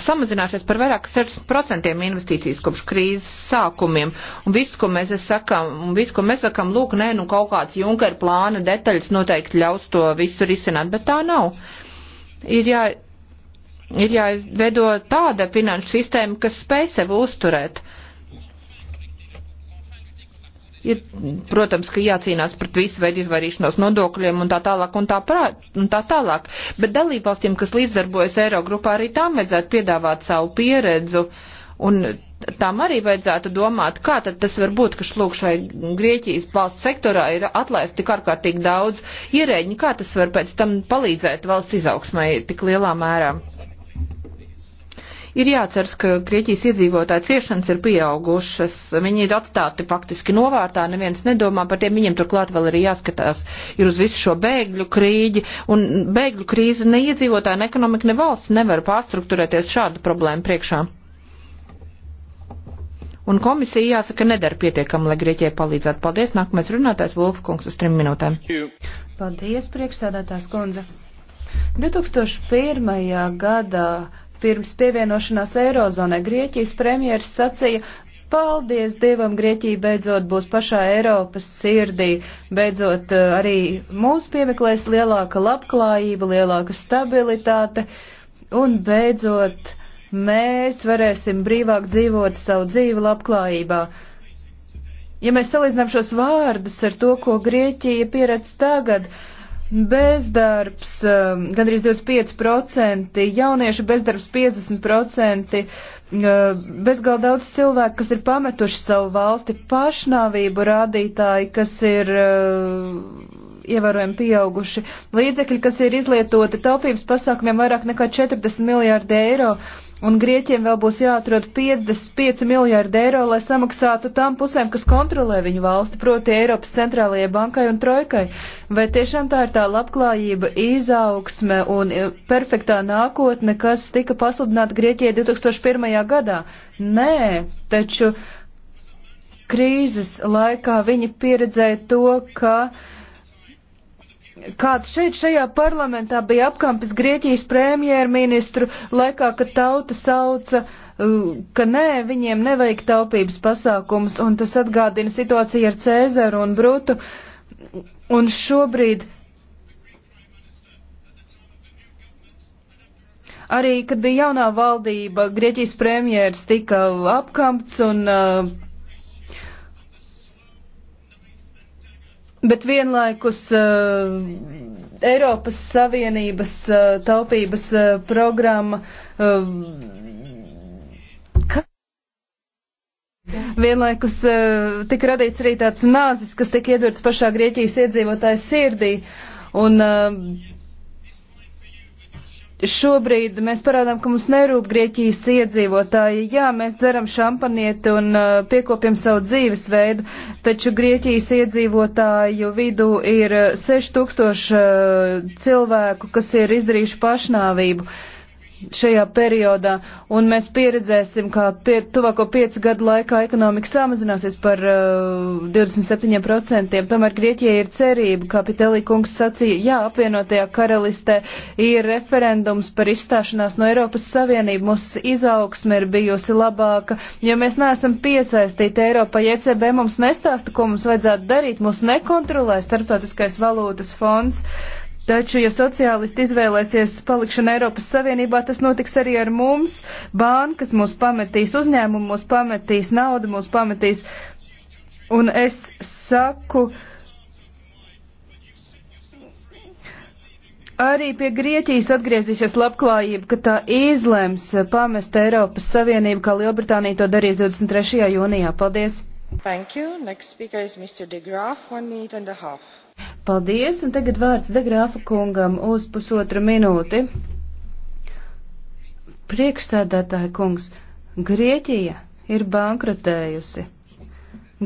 S1: samazināšies par vairāk kā 60% investīcijas kopš krīzes sākumiem. Un viss, ko mēs sakām, un viss, ko mēs sakām, lūk, nē, nu kaut kāds Junker plāna detaļas noteikti ļaus to visu risināt, bet tā nav. Ir jā, ir jāizveido tāda finanšu sistēma, kas spēj sevi uzturēt. Ir, protams, ka jācīnās pret visu veidu izvairīšanos nodokļiem un tā tālāk un tā, prā, un tā tālāk. Bet dalībvalstīm, kas līdzdarbojas Eirogrupā, arī tām vajadzētu piedāvāt savu pieredzu. Un tam arī vajadzētu domāt, kā tad tas var būt, ka šlūk šai Grieķijas valsts sektorā ir atlaist tik ārkārtīgi daudz ierēģi, kā tas var pēc tam palīdzēt valsts izaugsmai tik lielā mērā. Ir jāceras, ka Grieķijas iedzīvotāji ciešanas ir pieaugušas, viņi ir atstāti faktiski novārtā, neviens nedomā par tiem, viņiem turklāt vēl ir jāskatās, ir uz visu šo bēgļu krīģi, un bēgļu krīze ne iedzīvotāji, ne ekonomika, ne valsts nevar pārstruktūrēties šādu problēmu priekšā. Un komisija jāsaka nedara pietiekami, lai Grieķijai palīdzētu. Paldies, nākamais runātājs Volfkungs uz trim minūtēm.
S4: Paldies, priekšsēdētājs Konze. 2001. gadā pirms pievienošanās Eirozonai. Grieķijas premjeras sacīja, paldies Dievam, Grieķija beidzot būs pašā Eiropas sirdī, beidzot eh, arī mūs piemeklēs lielāka labklājība, lielāka stabilitāte un beidzot mēs varēsim brīvāk dzīvot savu dzīvi labklājībā. Ja mēs salīdzinām šos vārdus ar to, ko Grieķija pieredz tagad, uh, Bezdarbs um, gandrīz 25%, jauniešu bezdarbs 50%, uh, bezgalīgi daudz cilvēku, kas ir pametuši savu valsti, pašnāvību rādītāji, kas ir uh, ievērojami pieauguši, līdzekļi, kas ir izlietoti taupības pasākumiem vairāk nekā 40 miljārdi eiro Un Grieķiem vēl būs jāatrod 55 miljārdi eiro, lai samaksātu tām pusēm, kas kontrolē viņu valsti, proti Eiropas centrālajai bankai un trojkai. Vai tiešām tā ir tā labklājība, izaugsme un e, perfektā nākotne, kas tika pasludināta Grieķijai 2001. gadā? Nē, taču krīzes laikā viņi pieredzēja to, ka uh, kāds šeit šajā parlamentā bija apkampis Grieķijas premjerministru laikā, kad tauta sauca, uh, ka nē, viņiem nevajag taupības pasākums, un tas atgādina situāciju ar Cēzaru un Brutu. Un šobrīd arī, kad bija jaunā valdība, Grieķijas premjērs tika apkampts un uh, Bet vienlaikus uh, Eiropas Savienības uh, taupības uh, programma uh, Vienlaikus uh, tika radīts arī tāds nāzis, kas tika iedurts pašā Grieķijas iedzīvotāja sirdī. Un, uh, Šobrīd mēs parādām, ka mums nerūp Grieķijas iedzīvotāji. Jā, mēs dzeram šampanieti un uh, piekopjam savu dzīvesveidu, taču Grieķijas iedzīvotāju vidū ir 6000 uh, uh, cilvēku, kas ir izdarījuši pašnāvību. Uh, šajā periodā, un mēs pieredzēsim, ka pie, tuvāko piecu gadu laikā ekonomika samazināsies par uh, 27%. Tomēr Grieķijai ir cerība, kā Pitelī kungs sacīja, jā, apvienotajā karalistē ir referendums par izstāšanās no Eiropas Savienību, mūsu izaugsme ir bijusi labāka, jo mēs neesam piesaistīti Eiropai. ECB mums nestāsta, ko mums vajadzētu darīt, mūs nekontrolē starptautiskais valūtas fonds. Uh, Taču, ja sociālisti izvēlēsies palikšanu Eiropas Savienībā, tas notiks arī ar mums. Bankas mūs pametīs, uzņēmumi mūs pametīs, nauda mūs pametīs. Un es saku, arī pie Grieķijas atgriezīsies labklājība, ka tā izlems pamest Eiropas Savienību, kā Lielbritānija to darīs 23. jūnijā. Paldies! Thank you. Next speaker is Mr. De Graaf, one minute and a half. Paldies, un tagad vārds Degrāfa kungam uz pusotru minūti. Priekšsēdētāja kungs, Grieķija ir bankrotējusi.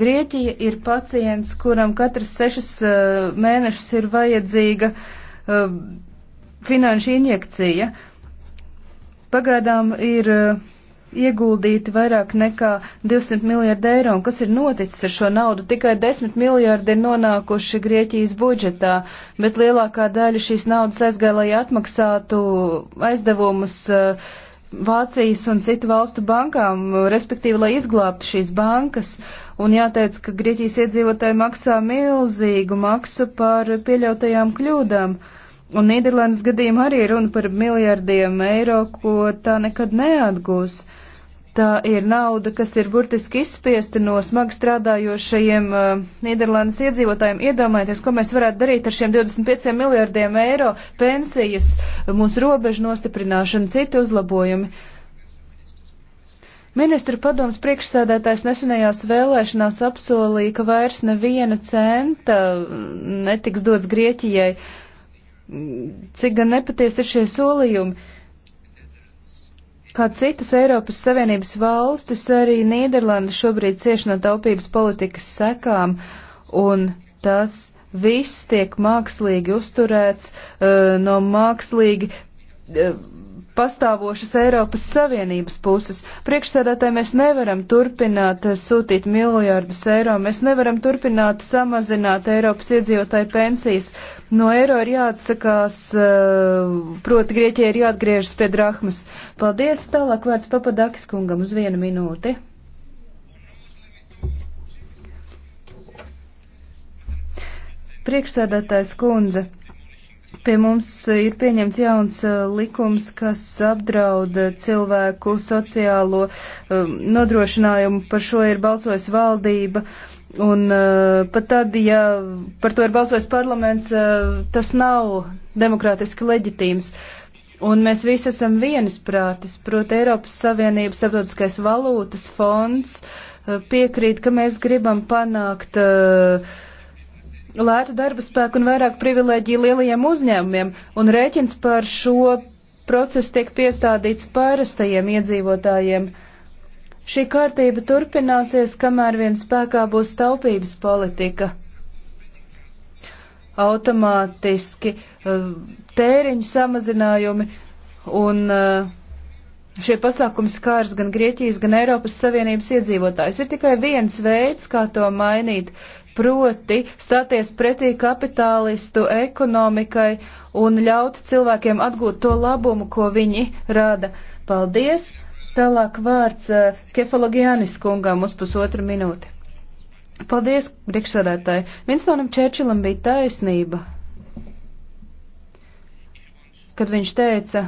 S4: Grieķija ir pacients, kuram katrs sešas uh, mēnešus ir vajadzīga uh, finanšu injekcija. Pagaidām ir uh, ieguldīti vairāk nekā 200 miljardi eiro, un kas ir noticis ar šo naudu? Tikai 10 miljardi ir nonākuši Grieķijas budžetā, bet lielākā daļa šīs naudas aizgāja, lai atmaksātu aizdevumus uh, Vācijas un citu valstu bankām, respektīvi, lai izglābtu šīs bankas. Un jāteic, ka Grieķijas iedzīvotāji maksā milzīgu maksu par pieļautajām kļūdām. Uh, Un Nīderlandes gadījumā arī runa par miljardiem eiro, ko tā nekad neatgūs. Tā ir nauda, kas ir burtiski izspiesta no smagi strādājošajiem uh, Nīderlandes iedzīvotājiem. Iedomājieties, ko mēs varētu darīt ar šiem 25 miljardiem eiro pensijas, uh, mūsu robežu nostiprināšanu, citi uzlabojumi. Ministru padoms priekšsēdētājs nesenajās vēlēšanās apsolīja, ka vairs neviena centa netiks dots Grieķijai. Uh, cik gan nepaties ir šie solījumi. Kā citas Eiropas Savienības valstis, arī Nīderlanda šobrīd cieš no taupības politikas sekām, un tas viss tiek mākslīgi uzturēts uh, no mākslīgi uh, pastāvošas Eiropas Savienības puses. Priekšsēdētāji mēs nevaram turpināt sūtīt miljārdus eiro, mēs nevaram turpināt samazināt Eiropas iedzīvotāju pensijas. No eiro ir jāatsakās, eh, proti Grieķijai ir jāatgriežas pie drahmas. Paldies, tālāk vārds Papadakis kungam uz vienu minūti. Priekšsēdētājs kundze. Pie mums ir pieņemts jauns uh, likums, kas apdraud uh, cilvēku sociālo um, nodrošinājumu. Par šo ir balsojis valdība. Un uh, pat tad, ja par to ir balsojis parlaments, tas nav demokrātiski leģitīms. Un mēs visi esam vienisprātis, proti Eiropas Savienības starptautiskais valūtas fonds piekrīt, ka mēs gribam panākt uh, lētu darba spēku un vairāk privilēģiju lielajiem uzņēmumiem, un rēķins par šo procesu tiek piestādīts parastajiem iedzīvotājiem. Šī kārtība turpināsies, kamēr vien spēkā būs taupības politika. Automātiski eh, tēriņu samazinājumi un eh, šie pasākumi skārs gan Grieķijas, gan Eiropas Savienības iedzīvotājs. Ir tikai viens veids, kā to mainīt proti stāties pretī kapitālistu ekonomikai un ļaut cilvēkiem atgūt to labumu, ko viņi rada. Paldies! Tālāk vārds eh, Kefalogianis kungam uz pusotru minūti. Paldies, priekšsādātāji. Vinstonam Čērčilam bija taisnība, kad viņš teica,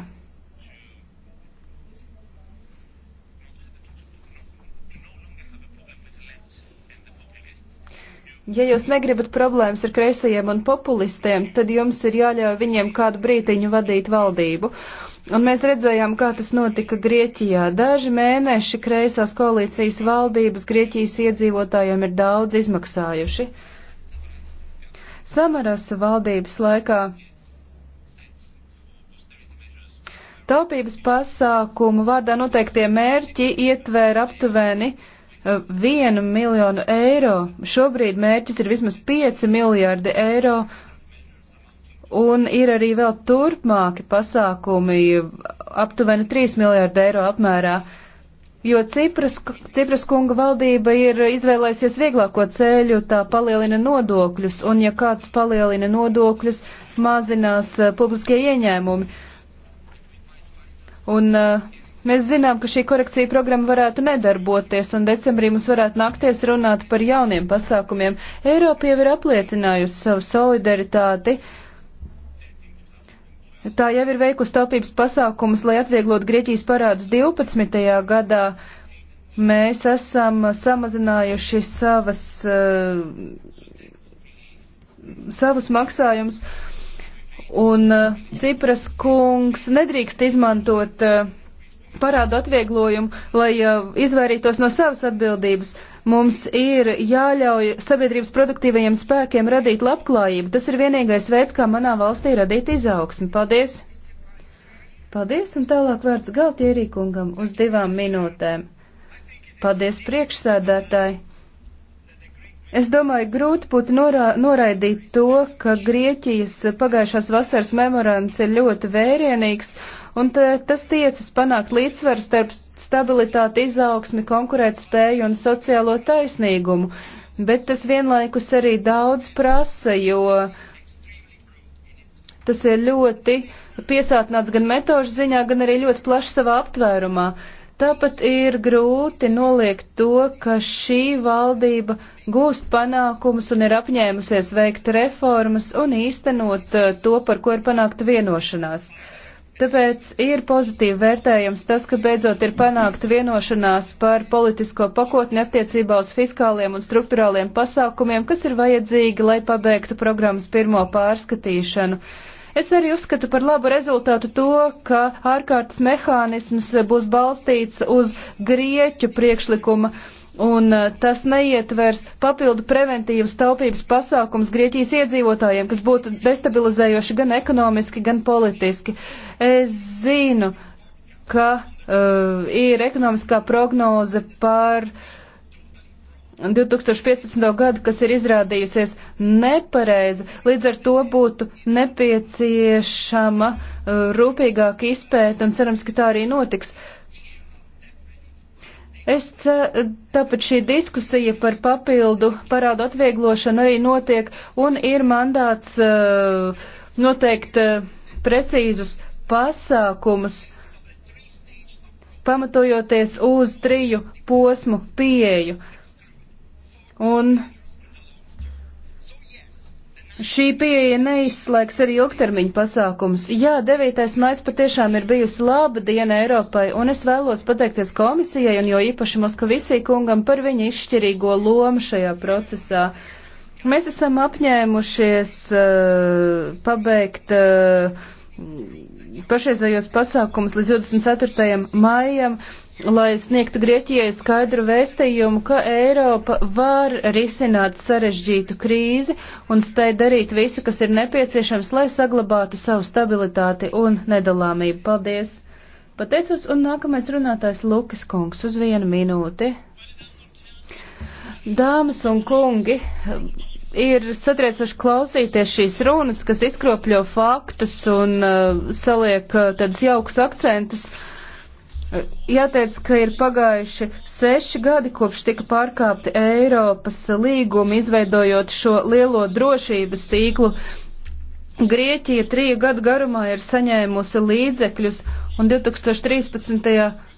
S4: Ja jūs negribat problēmas ar kreisajiem un populistiem, tad jums ir jāļauj viņiem kādu brītiņu vadīt valdību. Un mēs redzējām, kā tas notika Grieķijā. Daži mēneši kreisās koalīcijas valdības Grieķijas iedzīvotājiem ir daudz izmaksājuši. Samarasa valdības laikā taupības pasākumu vārdā noteiktie mērķi ietvēra aptuveni vienu miljonu eiro. Šobrīd mērķis ir vismaz 5 miljārdi eiro. Un ir arī vēl turpmāki pasākumi, aptuveni 3 miljārdi eiro apmērā, jo Cipras, Cipras kunga valdība ir izvēlējusies vieglāko ceļu, tā palielina nodokļus, un ja kāds palielina nodokļus, mazinās eh, publiskie ieņēmumi. Un uh, Mēs zinām, ka šī korekcija programma varētu nedarboties, un decembrī mums varētu nākties runāt par jauniem pasākumiem. Eiropa jau ir apliecinājusi savu solidaritāti. Tā jau ir veikusi taupības pasākumus, lai atvieglotu Grieķijas parādus 12. gadā. Mēs esam samazinājuši savas, uh, savus maksājumus, un uh, Cipras kungs nedrīkst izmantot. Uh, parādu atvieglojumu, lai izvairītos no savas atbildības. Mums ir jāļauj sabiedrības produktīvajiem spēkiem radīt labklājību. Tas ir vienīgais veids, kā manā valstī radīt izaugsmi. Paldies! Paldies, un tālāk vērts Galtierī kungam uz divām minūtēm. Paldies, priekšsēdētāji! Es domāju, grūti būtu norā, noraidīt to, ka Grieķijas pagājušās vasaras memorands ir ļoti vērienīgs Un tas tiecas panākt līdzsveru starp stabilitāti, izaugsmi, konkurētspēju un sociālo taisnīgumu. Bet tas vienlaikus arī daudz prasa, jo tas ir ļoti piesātnāts gan metožu ziņā, gan arī ļoti plaši savā aptvērumā. Tāpat ir grūti noliegt to, ka šī valdība gūst panākumus un ir apņēmusies veikt reformas un īstenot eh, to, par ko ir panākta vienošanās. Uh, Tāpēc ir pozitīvi vērtējams tas, ka beidzot ir panākta vienošanās par politisko pakotni attiecībā uz fiskāliem un struktūrāliem pasākumiem, kas ir vajadzīgi, lai pabeigtu programmas pirmo pārskatīšanu. Es arī uzskatu par labu rezultātu to, ka ārkārtas mehānisms būs balstīts uz Grieķu priekšlikuma uh, un uh, tas neietvers papildu preventīvas taupības pasākums Grieķijas iedzīvotājiem, kas būtu destabilizējoši gan ekonomiski, gan politiski. Es zinu, ka uh, ir ekonomiskā prognoze par 2015. gadu, kas ir izrādījusies nepareiza, līdz ar to būtu nepieciešama uh, rūpīgāka izpēta un cerams, ka tā arī notiks. Uh, Es tāpēc šī diskusija par papildu parādu atvieglošanu arī notiek un ir mandāts eh, noteikt eh, precīzus pasākumus, pamatojoties uz triju posmu pieeju. Un Šī pieeja neizslēgs arī ilgtermiņu pasākums. Jā, 9. maija patiešām ir bijusi laba diena Eiropai, un es vēlos pateikties komisijai un jo īpaši Moskavisī kungam par viņa izšķirīgo lomu šajā procesā. Mēs esam apņēmušies uh, pabeigt. Uh, pašreizējos pasākumus līdz 24. maijam lai sniegtu Grieķijai skaidru vēstījumu, ka Eiropa var risināt sarežģītu krīzi un spēj darīt visu, kas ir nepieciešams, lai saglabātu savu stabilitāti un nedalāmību. Paldies! Pateicos, un nākamais runātājs Lukas Kungs uz vienu minūti. Dāmas un kungi, ir satriecoši klausīties šīs runas, kas izkropļo faktus un uh, saliek uh, tādus jaukus akcentus. Uh, Jāteic, ka ir pagājuši seši gadi, kopš tika pārkāpti Eiropas līgumi, izveidojot šo lielo drošības tīklu. Grieķija triju gadu garumā ir saņēmusi līdzekļus, un 2013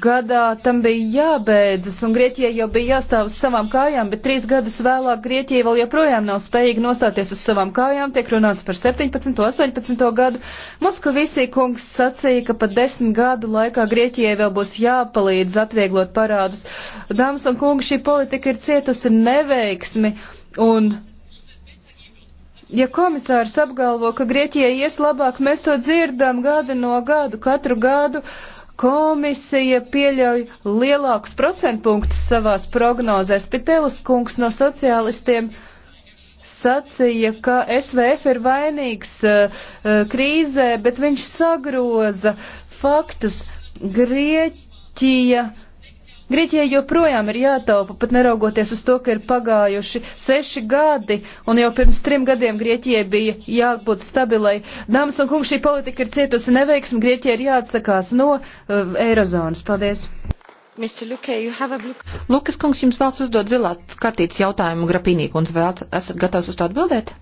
S4: gadā tam bija jābeidzas, un Grieķijai jau bija jāstāv uz savām kājām, bet trīs gadus vēlāk Grieķija vēl joprojām nav spējīga nostāties uz savām kājām, tiek runāts par 17. 18. gadu. Moskavisī kungs sacīja, ka pat desmit gadu laikā Grieķijai vēl būs jāpalīdz atvieglot parādus. Dāmas un kungi, šī politika ir cietusi neveiksmi, un Ja komisārs apgalvo, ka Grieķijai ies labāk, mēs to dzirdam gadu no gadu, katru gadu. Uh, Komisija pieļauj lielākus procentpunktus savās prognozēs. Pitelis kungs no sociālistiem sacīja, ka SVF ir vainīgs uh, krīzē, bet viņš sagroza faktus. Grieķija uh, Grieķijai joprojām ir jātaupa, pat neraugoties uz to, ka ir pagājuši seši gadi, un jau pirms trim gadiem Grieķijai bija jābūt stabilai. Dāmas un kungi, šī politika ir cietusi neveiksmi, Grieķijai ir jāatsakās no uh, Eirozonas. Paldies! Luke, Lukas kungs, jums vēlas uzdot
S1: zilās kartītes jautājumu, Grapīnī kungs, vēl esat gatavs uz to atbildēt?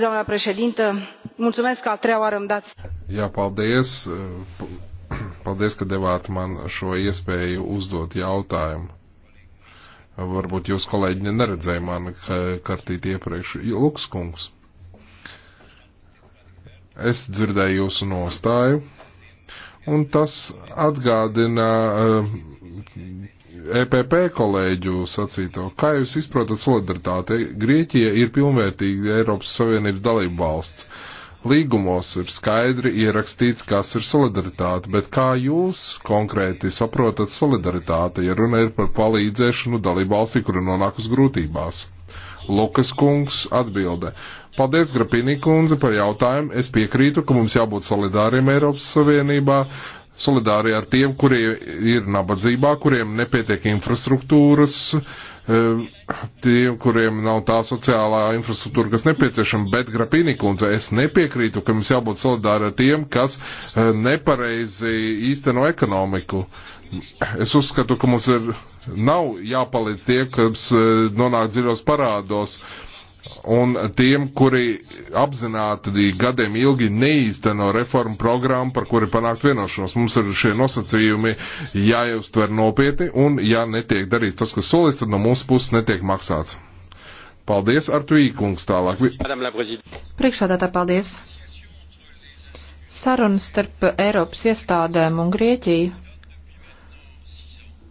S4: doamnă președintă mulțumesc că a treia oară îmi dați.
S3: jā paldies paldies ka devāt man šo iespēju uzdot jautājumu. Varbūt jūs kolēģi neredzēja mani kartīt iepriekš. Lūks kungs, es dzirdēju jūsu nostāju, un tas atgādina uh, EPP kolēģu sacīto, kā jūs izprotat solidaritāti? Grieķija ir pilnvērtīga Eiropas Savienības dalība valsts. Līgumos ir skaidri ierakstīts, kas ir solidaritāte, bet kā jūs konkrēti saprotat solidaritāti, ja runa ir par palīdzēšanu dalību valstī, kura nonāk uz grūtībās? Lukas kungs atbilde. Paldies, Grapinī kundze, par jautājumu. Es piekrītu, ka mums jābūt solidāriem Eiropas Savienībā, solidāri ar tiem, kuri ir nabadzībā, kuriem nepietiek infrastruktūras, e, tiem, kuriem nav tā sociālā infrastruktūra, kas nepieciešama, bet Grapīnī kundze, es nepiekrītu, ka mums jābūt solidāri ar tiem, kas e, nepareizi īsteno ekonomiku. Es uzskatu, ka mums ir, nav jāpalīdz tie, kas e, nonāk dziļos parādos. Uh, Un tiem, kuri apzināti gadiem ilgi neīsteno reformu programmu, par kuri panākt vienošanos, mums ir šie nosacījumi jāuztver nopietni, un ja netiek darīts tas, kas solis, tad no mūsu puses netiek maksāts. Paldies, Artuī kungs, tālāk.
S1: Priekšādātā paldies. Sarunas starp Eiropas iestādēm un Grieķiju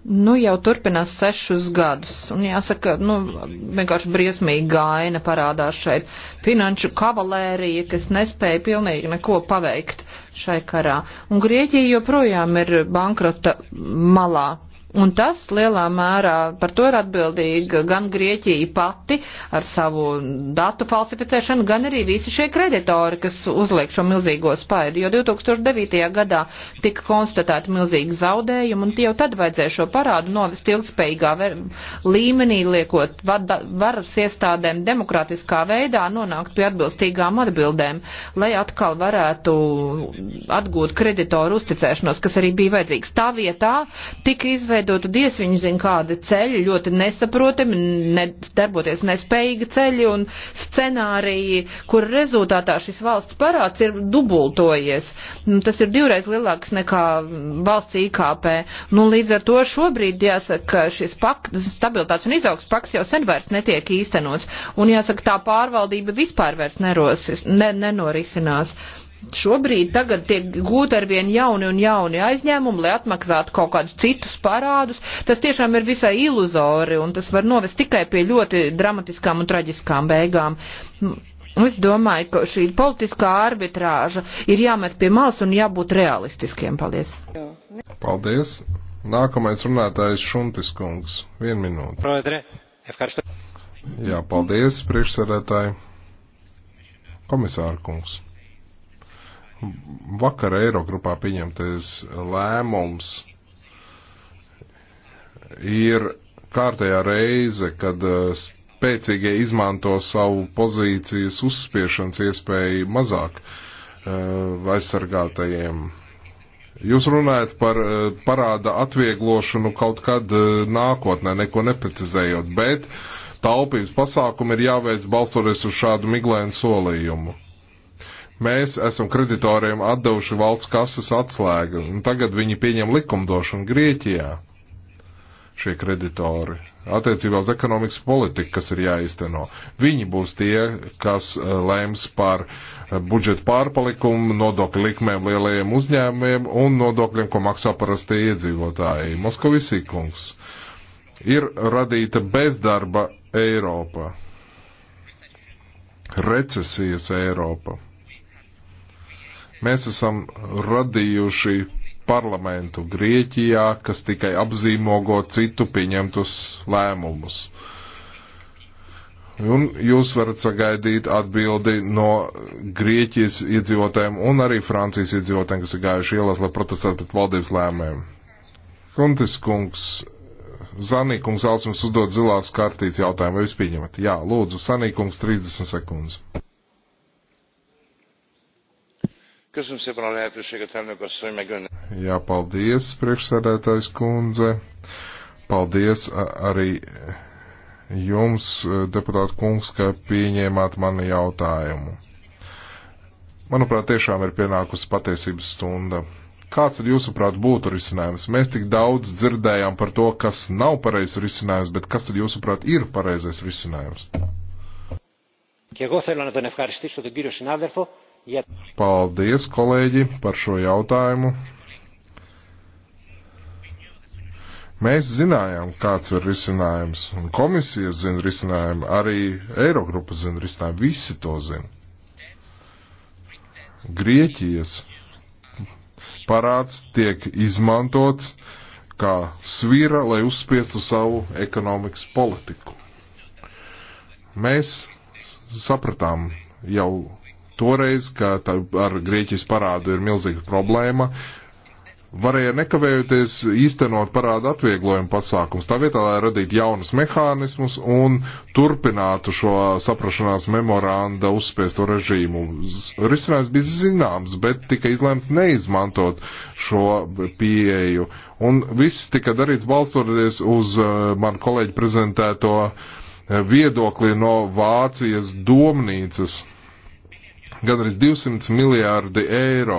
S1: nu, jau turpinās sešus gadus. Un jāsaka, nu, vienkārši briesmīgi gaina parādās šeit. Finanšu kavalērija, kas nespēja pilnīgi neko paveikt šai karā. Un Grieķija joprojām ir bankrota malā. Un tas lielā mērā par to ir atbildīga gan Grieķija pati ar savu datu falsificēšanu, gan arī visi šie kreditori, kas uzliek šo milzīgo spaidu. Jo 2009. gadā tika konstatēti milzīgi zaudējumi, un jau tad vajadzēja šo parādu novest ilgspējīgā līmenī, liekot varas iestādēm demokratiskā veidā nonākt pie atbilstīgām atbildēm, lai atkal varētu atgūt kreditoru uzticēšanos, kas arī bija vajadzīgs. Tā vietā tika izveidota veidotu diez viņi zina kādi ceļi, ļoti nesaprotami, ne, darboties nespējīgi ceļi un scenāriji, kur rezultātā šis valsts parāds ir dubultojies. Nu, tas ir divreiz lielāks nekā valsts IKP. Nu, līdz ar to šobrīd jāsaka, ka šis pak, stabilitātes un izaugs paks jau sen vairs netiek īstenots. Un jāsaka, tā pārvaldība vispār vairs nerosis, ne, nenorisinās. Uh, šobrīd tagad tiek gūti ar vien jauni un jauni aizņēmumi, lai atmaksātu kaut kādus citus parādus, tas tiešām ir visai iluzori un tas var novest tikai pie ļoti dramatiskām un traģiskām beigām. Mm, es domāju, ka šī politiskā arbitrāža ir jāmet pie malas un jābūt realistiskiem. Paldies!
S3: Paldies! Nākamais runātājs Šuntis kungs. Vienu minūti. Jā, paldies, priekšsarētāji. Komisāra kungs. Vakar Eirogrupā pieņemtais lēmums ir kārtējā reize, kad uh, spēcīgie izmanto savu pozīcijas uzspiešanas iespēju mazāk uh, aizsargātajiem. Jūs runājat par uh, parāda atvieglošanu kaut kad nākotnē, neko neprecizējot, bet taupības pasākumi ir jāveic balstoties uz šādu miglēnu solījumu. Mēs esam kreditoriem atdevuši valsts kases atslēgu, un tagad viņi pieņem likumdošanu Grieķijā. Šie kreditori attiecībā uz ekonomikas politiku, kas ir jāizteno. Viņi būs tie, kas eh, lēms par eh, budžeta pārpalikumu, nodokļu likmēm lielajiem uzņēmumiem un nodokļiem, ko maksā parastie iedzīvotāji. Moskavisī kungs ir radīta bezdarba Eiropa, recesijas Eiropa. Mēs esam radījuši parlamentu Grieķijā, kas tikai apzīmogo citu pieņemtus lēmumus. Un jūs varat sagaidīt atbildi no Grieķijas iedzīvotājiem un arī Francijas iedzīvotājiem, kas ir gājuši ielās, lai protestētu pret valdības lēmēm. Kuntis kungs, Zanī kungs, Alsums uzdod zilās kartītes jautājumu, vai jūs pieņemat? Jā, lūdzu, Sanī kungs, 30 sekundes.
S5: Köszönöm szépen a
S6: lehetőséget, elnök asszony, meg önnek.
S3: Jā, paldies, priekšsēdētājs kundze. Paldies arī jums, deputāta kungs, ka pieņēmāt mani jautājumu. Manuprāt, tiešām ir pienākusi patiesības stunda. Kāds ir jūsuprāt būtu risinājums? Mēs tik daudz dzirdējām par to, kas nav pareizs risinājums, bet kas tad jūsuprāt ir pareizais risinājums?
S6: Και εγώ θέλω να τον ευχαριστήσω τον κύριο συνάδελφο Yep.
S3: Paldies, kolēģi, par šo jautājumu. Mēs zinājām, kāds ir risinājums, un komisija zina risinājumu, arī Eirogrupa zina risinājumu, visi to zina. Grieķijas parāds tiek izmantots kā svira, lai uzspiestu savu ekonomikas politiku. Mēs sapratām jau toreiz, ka tā, ar Grieķijas parādu ir milzīga problēma, varēja nekavējoties īstenot parāda atvieglojumu pasākums. Tā vietā, lai radītu jaunus mehānismus un turpinātu šo saprašanās memoranda uzspiesto režīmu. Risinājums bija zināms, bet tika izlēmts neizmantot šo pieeju. Un viss tika darīts balstoties uz eh, man kolēģi prezentēto eh, viedokli no Vācijas domnīcas Gadreiz 200 miljārdi eiro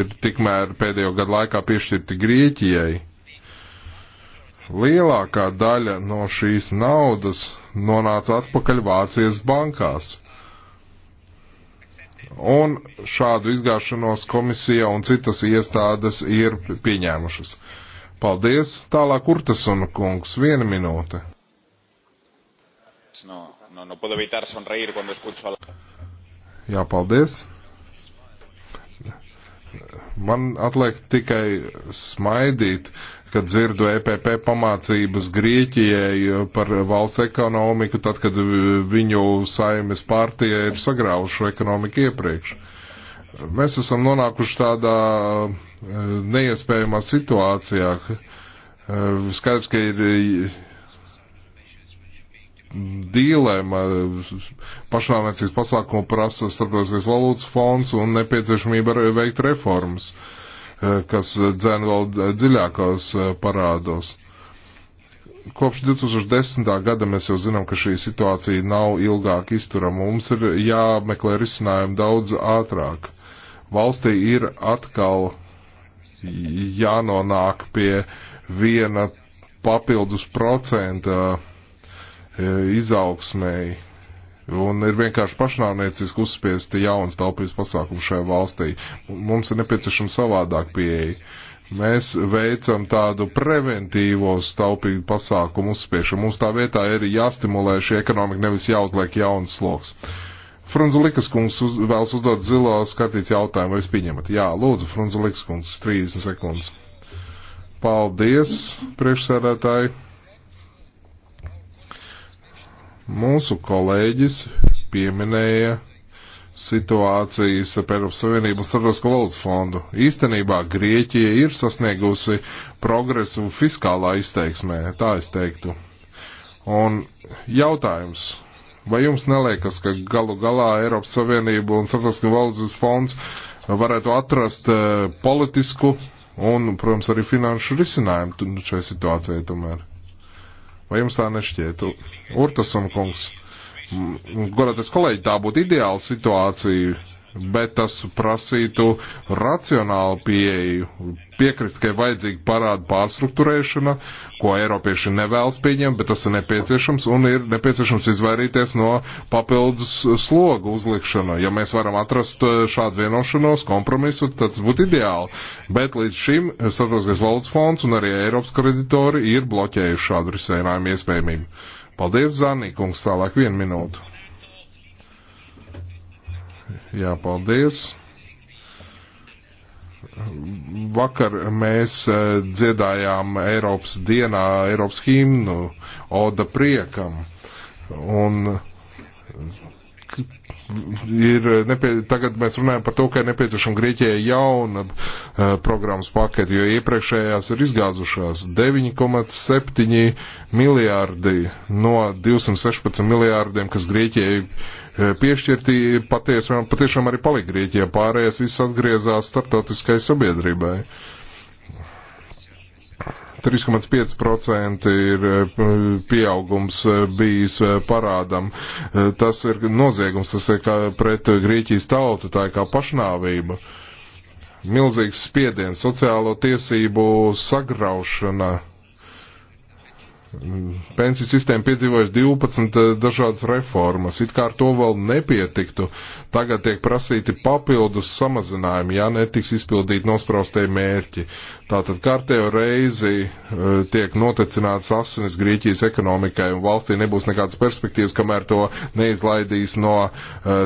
S3: ir tikmēr pēdējo gadu laikā piešķirti Grieķijai. Lielākā daļa no šīs naudas nonāca atpakaļ Vācijas bankās. Un šādu izgāšanos komisija un citas iestādes ir pieņēmušas. Paldies! Tālāk Urtasuna kungs, viena minūte.
S5: No, no, no puedo evitar sonreír
S1: cuando escucho a la...
S3: Jā, paldies. Man atliek tikai smaidīt, kad dzirdu EPP pamācības Grieķijai par valsts ekonomiku, tad, kad viņu saimes partija ir sagraušu ekonomiku iepriekš. Mēs esam nonākuši tādā eh, neiespējamā situācijā. Eh, skaidrs, ka ir dīlēm, pašnāvniecības pasākumu prasa starptautiskais valūtas fonds un nepieciešamība veikt reformas, e, kas dzēn vēl dziļākos e, parādos. Kopš 2010. gada mēs jau zinām, ka šī situācija nav ilgāk izturama. Mums ir jāmeklē risinājumi daudz ātrāk. Valstī ir atkal jānonāk pie viena papildus procenta uh, E, izaugsmēji. Un ir vienkārši pašnāvnieciski uzspiesti jauns taupības pasākums šajā valstī. Mums ir nepieciešama savādāk pieeja. Mēs veicam tādu preventīvo staupīgu pasākumu uzspiešanu. Mums tā vietā ir jāstimulē šī ekonomika, nevis jāuzliek jauns sloks. Frunzulikas kungs uz, vēlas uzdot zilo skatīts jautājumu, vai jūs pieņemat? Jā, lūdzu, Frunzulikas kungs, 30 sekundes. Paldies, priekšsēdētāji. Mūsu kolēģis pieminēja situācijas ar Eiropas Savienības starptautisko valūtas fondu. Īstenībā Grieķija ir sasniegusi progresu fiskālā izteiksmē, tā es teiktu. Un jautājums, vai jums neliekas, ka galu galā Eiropas Savienība un starptautisko valūtas fonds varētu atrast eh, politisku un, protams, arī finanšu risinājumu šai situācijai tomēr? Vai jums tā nešķiet? Urtasam kungs, godātais kolēģi, tā būtu ideāla situācija bet tas prasītu racionālu pieeju. Piekrist, ka ir vajadzīga parāda pārstruktūrēšana, ko Eiropieši nevēlas pieņemt, bet tas ir nepieciešams un ir nepieciešams izvairīties no papildus slogu uzlikšana. Ja mēs varam atrast eh, šādu vienošanos, kompromisu, tad tas būtu ideāli. Bet līdz šim Starptautiskais valūtas fonds un arī Eiropas kreditori ir bloķējuši šādu risinājumu iespējamību. Paldies, Zanī, kungs, tālāk vienu minūtu. Jā, paldies. Vakar mēs eh, dziedājām Eiropas dienā Eiropas himnu Oda priekam. Un eh, ir, nepie, tagad mēs runājam par to, ka ir nepieciešama Grieķijai jauna uh, programmas pakete, jo iepriekšējās ir izgāzušās 9,7 miljārdi no 216 miljārdiem, kas Grieķijai E, piešķirti patiesam, patiešām arī palika Grieķijā, pārējais viss atgriezās starptautiskai sabiedrībai. 3,5% ir e, pieaugums e, bijis parādam. Tas ir noziegums, tas ir kā pret Grieķijas tautu, tā ir kā pašnāvība. Milzīgs spiediens, sociālo tiesību sagraušana Pensiju sistēma piedzīvojusi 12 eh, dažādas reformas, it kā ar to vēl nepietiktu. Tagad tiek prasīti papildus samazinājumi, ja netiks izpildīti nospraustie mērķi. Tātad kārtējo reizi eh, tiek notecināts asinis Grieķijas ekonomikai, un valstī nebūs nekādas perspektīvas, kamēr to neizlaidīs no uh,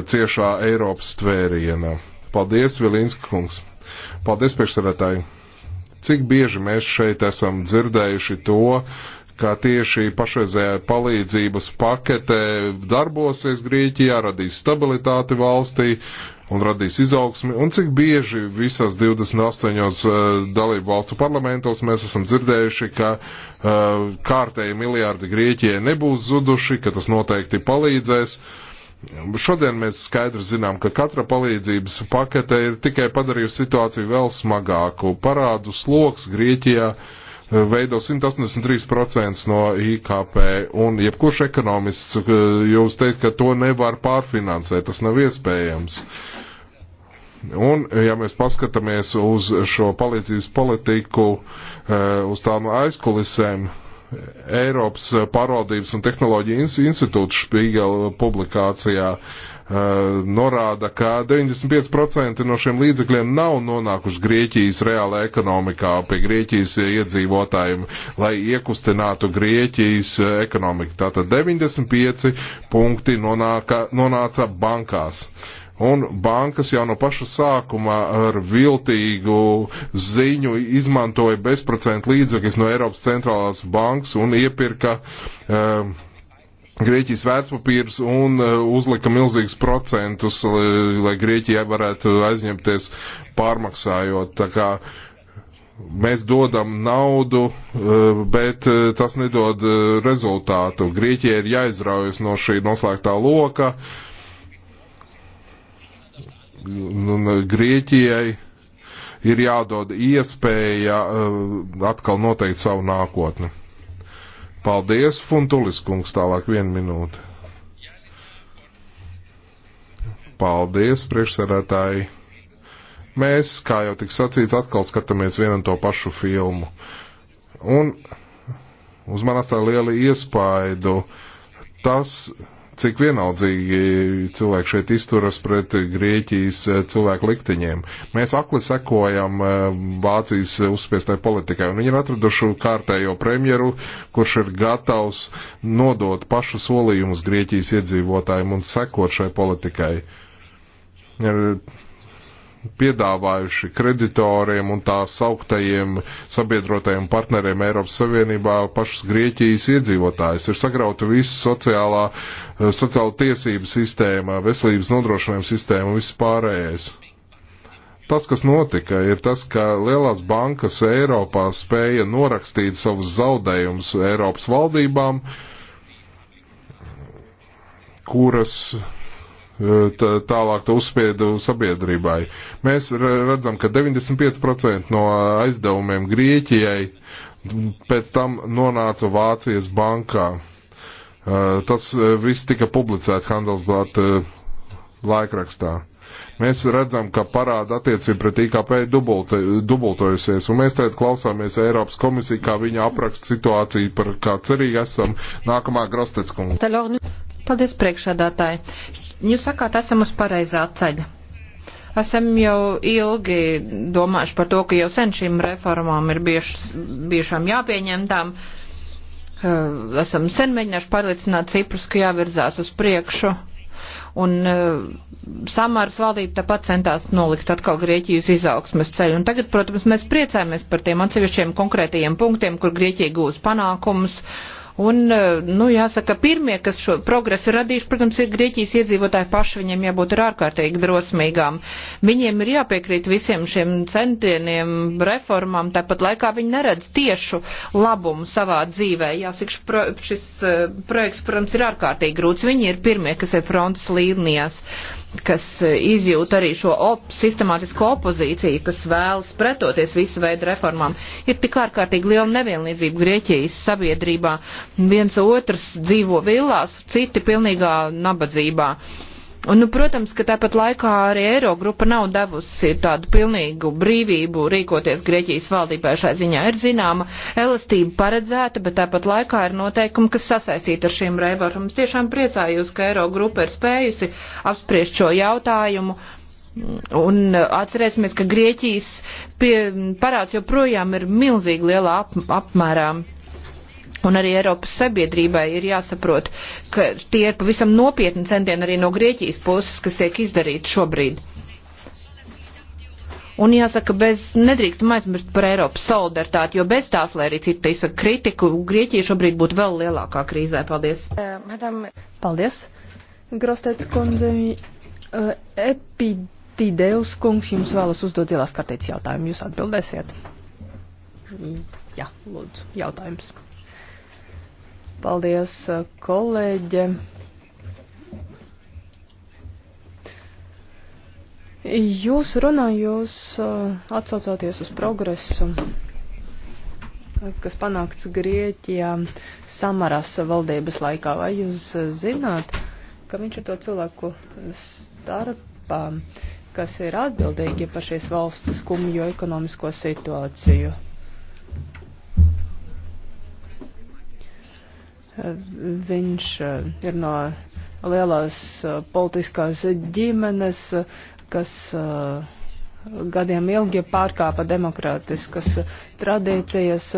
S3: ciešā Eiropas tvēriena. Paldies, Vilinska kungs! Paldies, priekšsarētāji! Cik bieži mēs šeit esam dzirdējuši to, uh, kā tieši pašreizējā palīdzības pakete darbosies Grieķijā, radīs stabilitāti valstī un radīs izaugsmi, un cik bieži visās 28 eh, dalību valstu parlamentos mēs esam dzirdējuši, ka uh, kārtēji miljārdi Grieķijai nebūs zuduši, ka tas noteikti palīdzēs. Šodien mēs skaidri zinām, ka katra palīdzības pakete ir tikai padarījusi situāciju vēl smagāku. Parādu sloks Grieķijā uh, veido 183% no IKP, un jebkurš ekonomists eh, jūs teikt, ka to nevar pārfinansēt, tas nav iespējams. Un, ja mēs paskatāmies uz šo palīdzības politiku, eh, uz tām aizkulisēm, Eiropas pārvaldības un tehnoloģija institūta Špīgela publikācijā Eh, norāda, ka 95% no šiem līdzekļiem nav nonākuši Grieķijas reāla ekonomikā pie Grieķijas iedzīvotājiem, lai iekustinātu Grieķijas eh, ekonomiku. Tātad 95 punkti nonāka, nonāca bankās. Un bankas jau no paša sākuma ar viltīgu ziņu izmantoja bezprocentu līdzekļus no Eiropas centrālās bankas un iepirka uh, um, Grieķijas vērtspapīrus un eh, uzlika milzīgus procentus, lai, lai Grieķijai varētu aizņemties pārmaksājot. Tā kā mēs dodam naudu, eh, bet eh, tas nedod rezultātu. Grieķijai ir jāizraujas no šī noslēgtā loka. Grieķijai ir jādod iespēja atkal noteikt savu nākotni. Paldies, Funtulis kungs, tālāk vienu minūti. Paldies, priekšsēdētāji. Mēs, kā jau tik sacīts, atkal skatāmies vienu un to pašu filmu. Un uz manas tā liela iespaidu tas cik vienaldzīgi cilvēki šeit izturas pret Grieķijas eh, cilvēku likteņiem. Mēs akli sekojam eh, Vācijas uzspiestai politikai, un viņi ir atraduši kārtējo premjeru, kurš ir gatavs nodot pašu solījumus Grieķijas iedzīvotājiem un sekot šai politikai. Ir piedāvājuši kreditoriem un tās augtajiem sabiedrotajiem partneriem Eiropas Savienībā pašas Grieķijas iedzīvotājs. Ir sagrauta visa sociālā, eh, sociāla tiesība sistēma, veselības nodrošinājuma sistēma un viss pārējais. Tas, kas notika, ir tas, ka lielās bankas Eiropā spēja norakstīt savus zaudējumus Eiropas valdībām, kuras tālāk to uzspiedu sabiedrībai. Mēs redzam, ka 95% no aizdevumiem Grieķijai pēc tam nonāca Vācijas bankā. Uh, tas uh, viss tika publicēts Handelsblāt uh, laikrakstā. Mēs redzam, ka parāda attiecība pret IKP dubulta, dubultojusies, un mēs tagad klausāmies Eiropas komisiju, kā viņa apraksta situāciju, par kā cerīgi esam nākamā Grosteckunga.
S1: Paldies, priekšādātāji. Jūs sakāt, esam uz pareizā ceļa. Esam jau ilgi domājuši par to, ka jau sen šīm reformām ir biešs, biešām jāpieņemtām. Eh, esam sen mēģinājuši pārliecināt Ciprus, ka jāvirzās uz priekšu. Un eh, samāras valdība tāpat centās nolikt atkal Grieķijas izaugsmas ceļu. Un tagad, protams, mēs priecājamies par tiem atsevišķiem konkrētajiem punktiem, kur Grieķija gūs panākumus. Uh, Un, e, nu, jāsaka, pirmie, kas šo progresu radījuši, protams, ir Grieķijas iedzīvotāji paši, viņiem jābūt ir ārkārtīgi drosmīgām. Viņiem ir jāpiekrīt visiem šiem centieniem, reformām, tāpat laikā viņi neredz tiešu labumu savā dzīvē. Jāsaka, pro, šis e, projekts, protams, ir ārkārtīgi grūts. Viņi ir pirmie, kas ir frontes līnijās kas e, izjūt arī šo op sistemātisko opozīciju, kas vēlas pretoties visu veidu reformām, ir tik ārkārtīgi liela nevienlīdzība Grieķijas sabiedrībā. Viens otrs dzīvo villās, citi pilnīgā nabadzībā. Uh, Un, nu, protams, ka tāpat laikā arī Eirogrupa nav devusi tādu pilnīgu brīvību rīkoties Grieķijas valdībai šai ziņā. Ir zināma elastība paredzēta, bet tāpat laikā ir noteikumi, kas sasaistīti ar šīm reformām. Es tiešām priecājos, ka Eirogrupa ir spējusi apspriest šo jautājumu. Un uh, atcerēsimies, ka Grieķijas pie, parāds joprojām ir milzīgi lielā ap, apmērā. Un arī Eiropas sabiedrībai ir jāsaprot, ka tie ir pavisam nopietni centieni arī no Grieķijas puses, kas tiek izdarīti šobrīd. Un jāsaka, bez nedrīkstam aizmirst par Eiropas solidaritāti, jo bez tās, lai arī citi izsaka kritiku, Grieķija šobrīd būtu vēl lielākā krīzē. Paldies. Paldies.
S4: Grostēts kundze,
S6: epidēvs kungs jums vēlas uzdot zilās kartītes jautājumu. Jūs atbildēsiet? Jā, lūdzu, jautājums. Paldies, uh, kolēģe. Jūs runājos uh, atsaucoties uz progresu, uh, kas panākts Grieķijā samaras valdības laikā. Vai jūs zināt, ka viņš ir to cilvēku starpā, kas ir atbildīgi par šīs valsts skumjo ekonomisko situāciju? Viņš eh, ir no lielās eh, politiskās ģimenes, kas eh, gadiem ilgi pārkāpa demokrātiskas tradīcijas,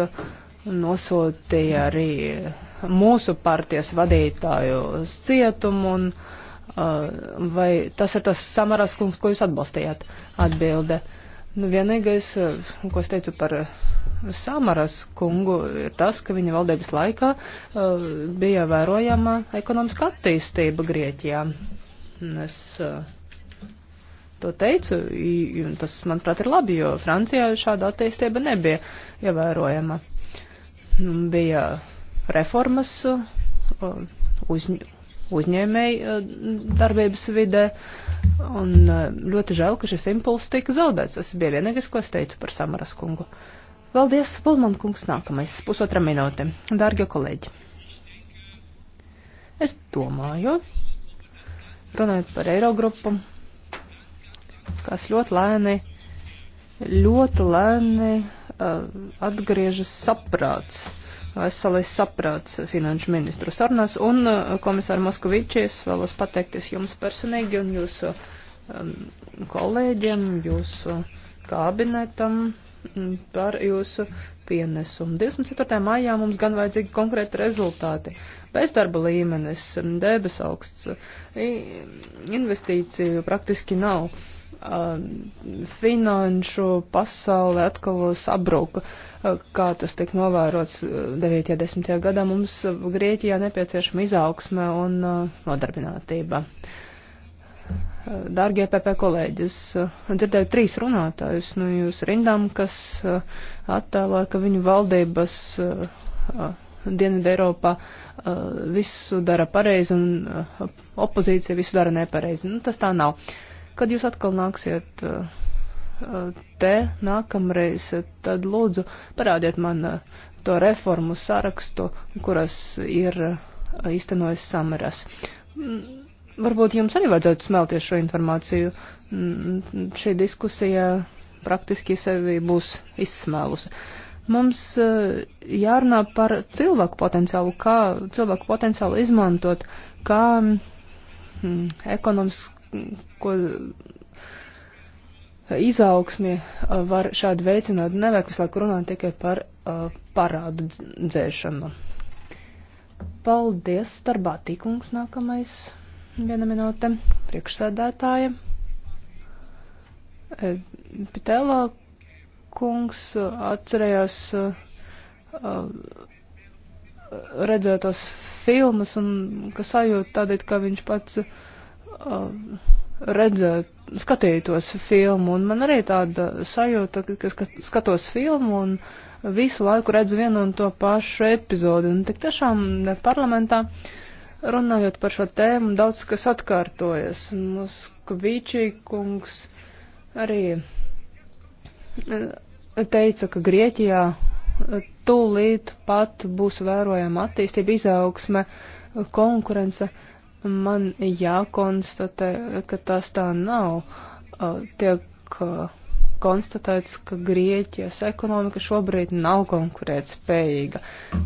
S6: nosūtīja arī mūsu partijas vadītāju uz cietumu. Un, vai tas ir tas samaras kungs, ko jūs atbalstījāt? Atbilde. Uh, Nu, vienīgais, eh, ko es teicu par eh, Samaras kungu, ir tas, ka viņa valdības laikā uh, bija vērojama ekonomiska attīstība Grieķijā. Un es uh, to teicu, un tas, manuprāt, ir labi, jo Francijā šāda attīstība nebija ievērojama. Nu, bija reformas, uh, uzņ uzņēmēju eh, darbības vidē. Un eh, ļoti žēl, ka šis impulss tika zaudēts. Tas bija vienīgais, ko es teicu par Samaras kungu. Paldies, Pulman kungs, nākamais pusotra minūte. Dārgie kolēģi, es domāju, runājot par Eirogrupu, kas ļoti lēni, ļoti lēni uh, atgriežas saprāts. Uh, veselais saprāts finanšu ministru sarunās. Un uh, komisāra Moskovičies vēlos pateikties jums personīgi un jūsu um, kolēģiem, jūsu kabinetam. Mm, par jūsu pienesumu. 24. maijā mums gan vajadzīgi konkrēti rezultāti. Bezdarba līmenis, mm, debes augsts, investīciju praktiski nav. Um, finanšu pasaule atkal sabruka, uh, kā tas tiek novērots 90. Uh, gadā. Mums Grieķijā nepieciešama izaugsme un uh, nodarbinātība. Uh, Dārgie e PP kolēģi, es dzirdēju trīs runātājus no nu, jūsu rindām, kas attēlā, ka viņu valdības Dienvidē Eiropā visu dara pareizi un opozīcija visu dara nepareizi. Nu, tas tā nav. Kad jūs atkal nāksiet te nākamreiz, tad lūdzu parādiet man to reformu sarakstu, kuras ir īstenojas samaras Varbūt jums arī vajadzētu smelties šo informāciju. Mm, šī diskusija praktiski sevi būs izsmēlusi. Mums eh, jārunā par cilvēku potenciālu, kā cilvēku potenciālu izmantot, kā mm, ekonomisko izaugsmi eh, var šādi veicināt. Nevajag visu laiku runāt tikai par eh, parādu dzēšanu. Paldies, Starbātīkungs nākamais. Viena minūte priekšsēdētāja. Eh, Pitēlā kungs atcerējās eh, redzētās filmas un ka sajūta tādīt, ka viņš pats eh, redzēt, skatītos filmu, un man arī tāda sajūta, ka skatos filmu un visu laiku redzu vienu un to pašu epizodi, un tik tiešām parlamentā uh, Runājot par šo tēmu, daudz kas atkārtojas. Moskvīčī kungs arī eh, teica, ka Grieķijā eh, tūlīt pat būs vērojama attīstība, izaugsme, konkurence. Man jākonstatē, eh, ka tas tā nav. Tiek konstatēts, ka Grieķijas ekonomika šobrīd nav konkurētspējīga.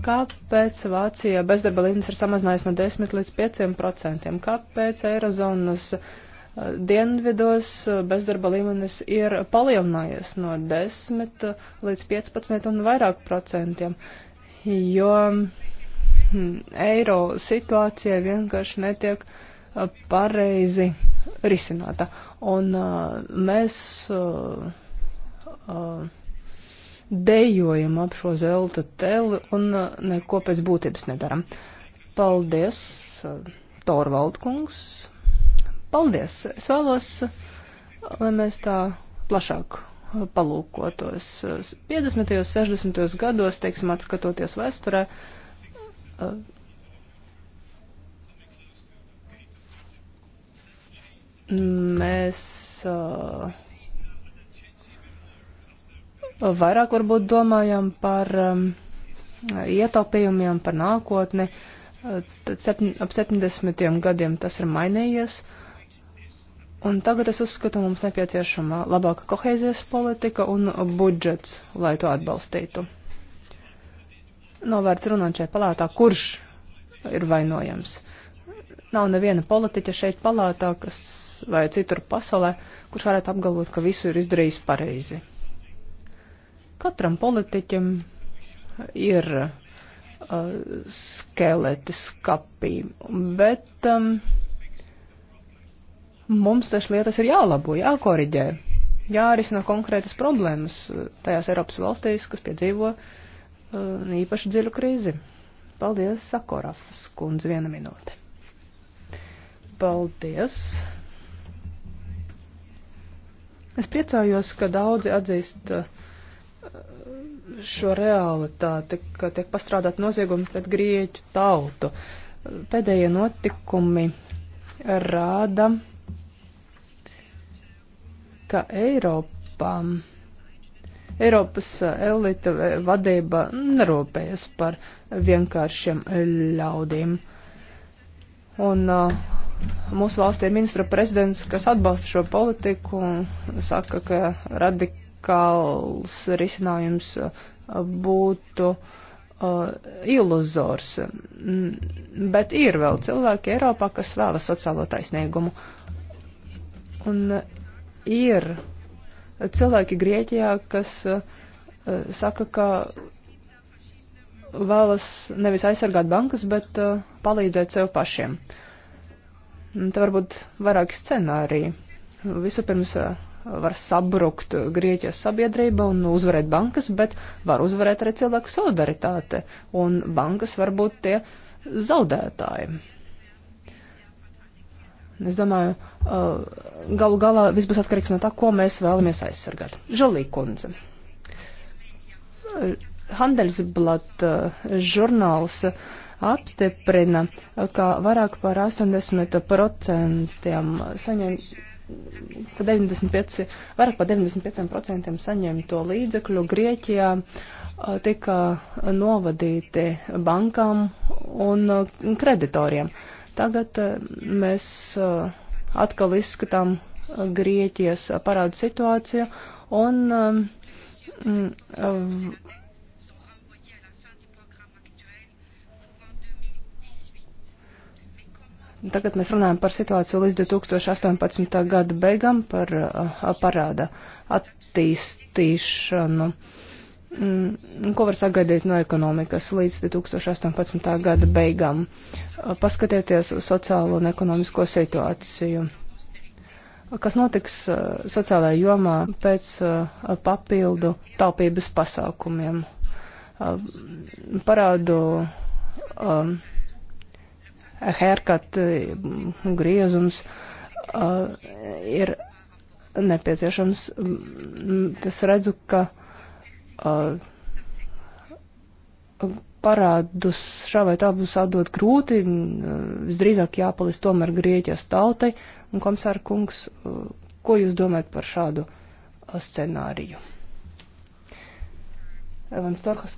S6: Kāpēc Vācija bezdarba līmenis ir samazinājis no 10 līdz 5 procentiem? Kāpēc Eirozonas eh, dienvidos eh, bezdarba līmenis ir palielinājies no 10 eh, līdz 15 un vairāk procentiem? Jo hm, eiro situācija vienkārši netiek uh, pareizi risināta. Un uh, mēs uh, uh, dejojam ap šo zelta teli un neko pēc būtības nedaram. Paldies, Torvaldkungs. Paldies. Es vēlos, lai mēs tā plašāk palūkotos. 50. un 60. gados, teiksim, atskatoties vēsturē, Mēs uh, vairāk varbūt domājam par um, ietaupījumiem, par nākotni. Tad septiņ, ap 70 gadiem tas ir mainījies. Un tagad es uzskatu, mums nepieciešama labāka kohēzijas politika un budžets, lai to atbalstītu. Nav vērts runāt šajā palātā, kurš ir vainojams. Nav neviena politiķa šeit palātā, kas vai citur pasaulē, kurš varētu apgalvot, ka visu ir izdarījis pareizi. Katram politiķim ir uh, skeleti skapī, bet um, mums taču lietas ir jālabo, jākoriģē, jārisina konkrētas problēmas uh, tajās Eiropas valstīs, kas piedzīvo uh, īpaši dziļu krīzi. Paldies, Sakorafas kundze, viena minūte. Paldies. Es priecājos, ka daudzi atzīst uh, šo realitāti, ka tiek pastrādāt noziegumi pret grieķu tautu. Pēdējie notikumi rāda, ka Eiropā, Eiropas uh, elita uh, vadība nerūpējas par vienkāršiem ļaudīm. Un uh, Mūsu valstī ir ministra prezidents, kas atbalsta šo politiku un saka, ka radikāls risinājums uh, būtu uh, iluzors. Mm, bet ir vēl cilvēki Eiropā, kas vēlas sociālo taisnīgumu. Un uh, ir cilvēki Grieķijā, kas uh, uh, saka, ka vēlas nevis aizsargāt bankas, bet uh, palīdzēt sev pašiem. Uh, Mm, te varbūt vairāki scenāriji. Vispirms eh, var sabrukt Grieķijas sabiedrība un uzvarēt bankas, bet var uzvarēt arī cilvēku solidaritāte, un bankas var būt tie zaudētāji. Es domāju, eh, galu galā viss būs atkarīgs no tā, ko mēs vēlamies aizsargāt. Žalī kundze. Eh, Handelsblat žurnāls apstiprina, ka vairāk par 80% saņem, pa 95, vairāk par 95% saņemto līdzekļu Grieķijā tika novadīti bankām un kreditoriem. Tagad mēs atkal izskatām Grieķijas parādu situāciju un Tagad mēs runājam par situāciju līdz 2018. gada beigām, par uh, parāda attīstīšanu. Mm, ko var sagaidīt no ekonomikas līdz 2018. gada beigām? Uh, paskatieties uz sociālo un ekonomisko situāciju. Kas notiks uh, sociālajā jomā pēc papildu taupības pasākumiem? Parādu um, haircut, mm, griezums uh, ir nepieciešams. Mm, es redzu, ka uh, parādus šā vai tā būs atdot grūti, mm, visdrīzāk jāpalis tomēr Grieķijas tautai. Un komisāra kungs, uh, ko jūs domājat par šādu scenāriju? Evans Torkas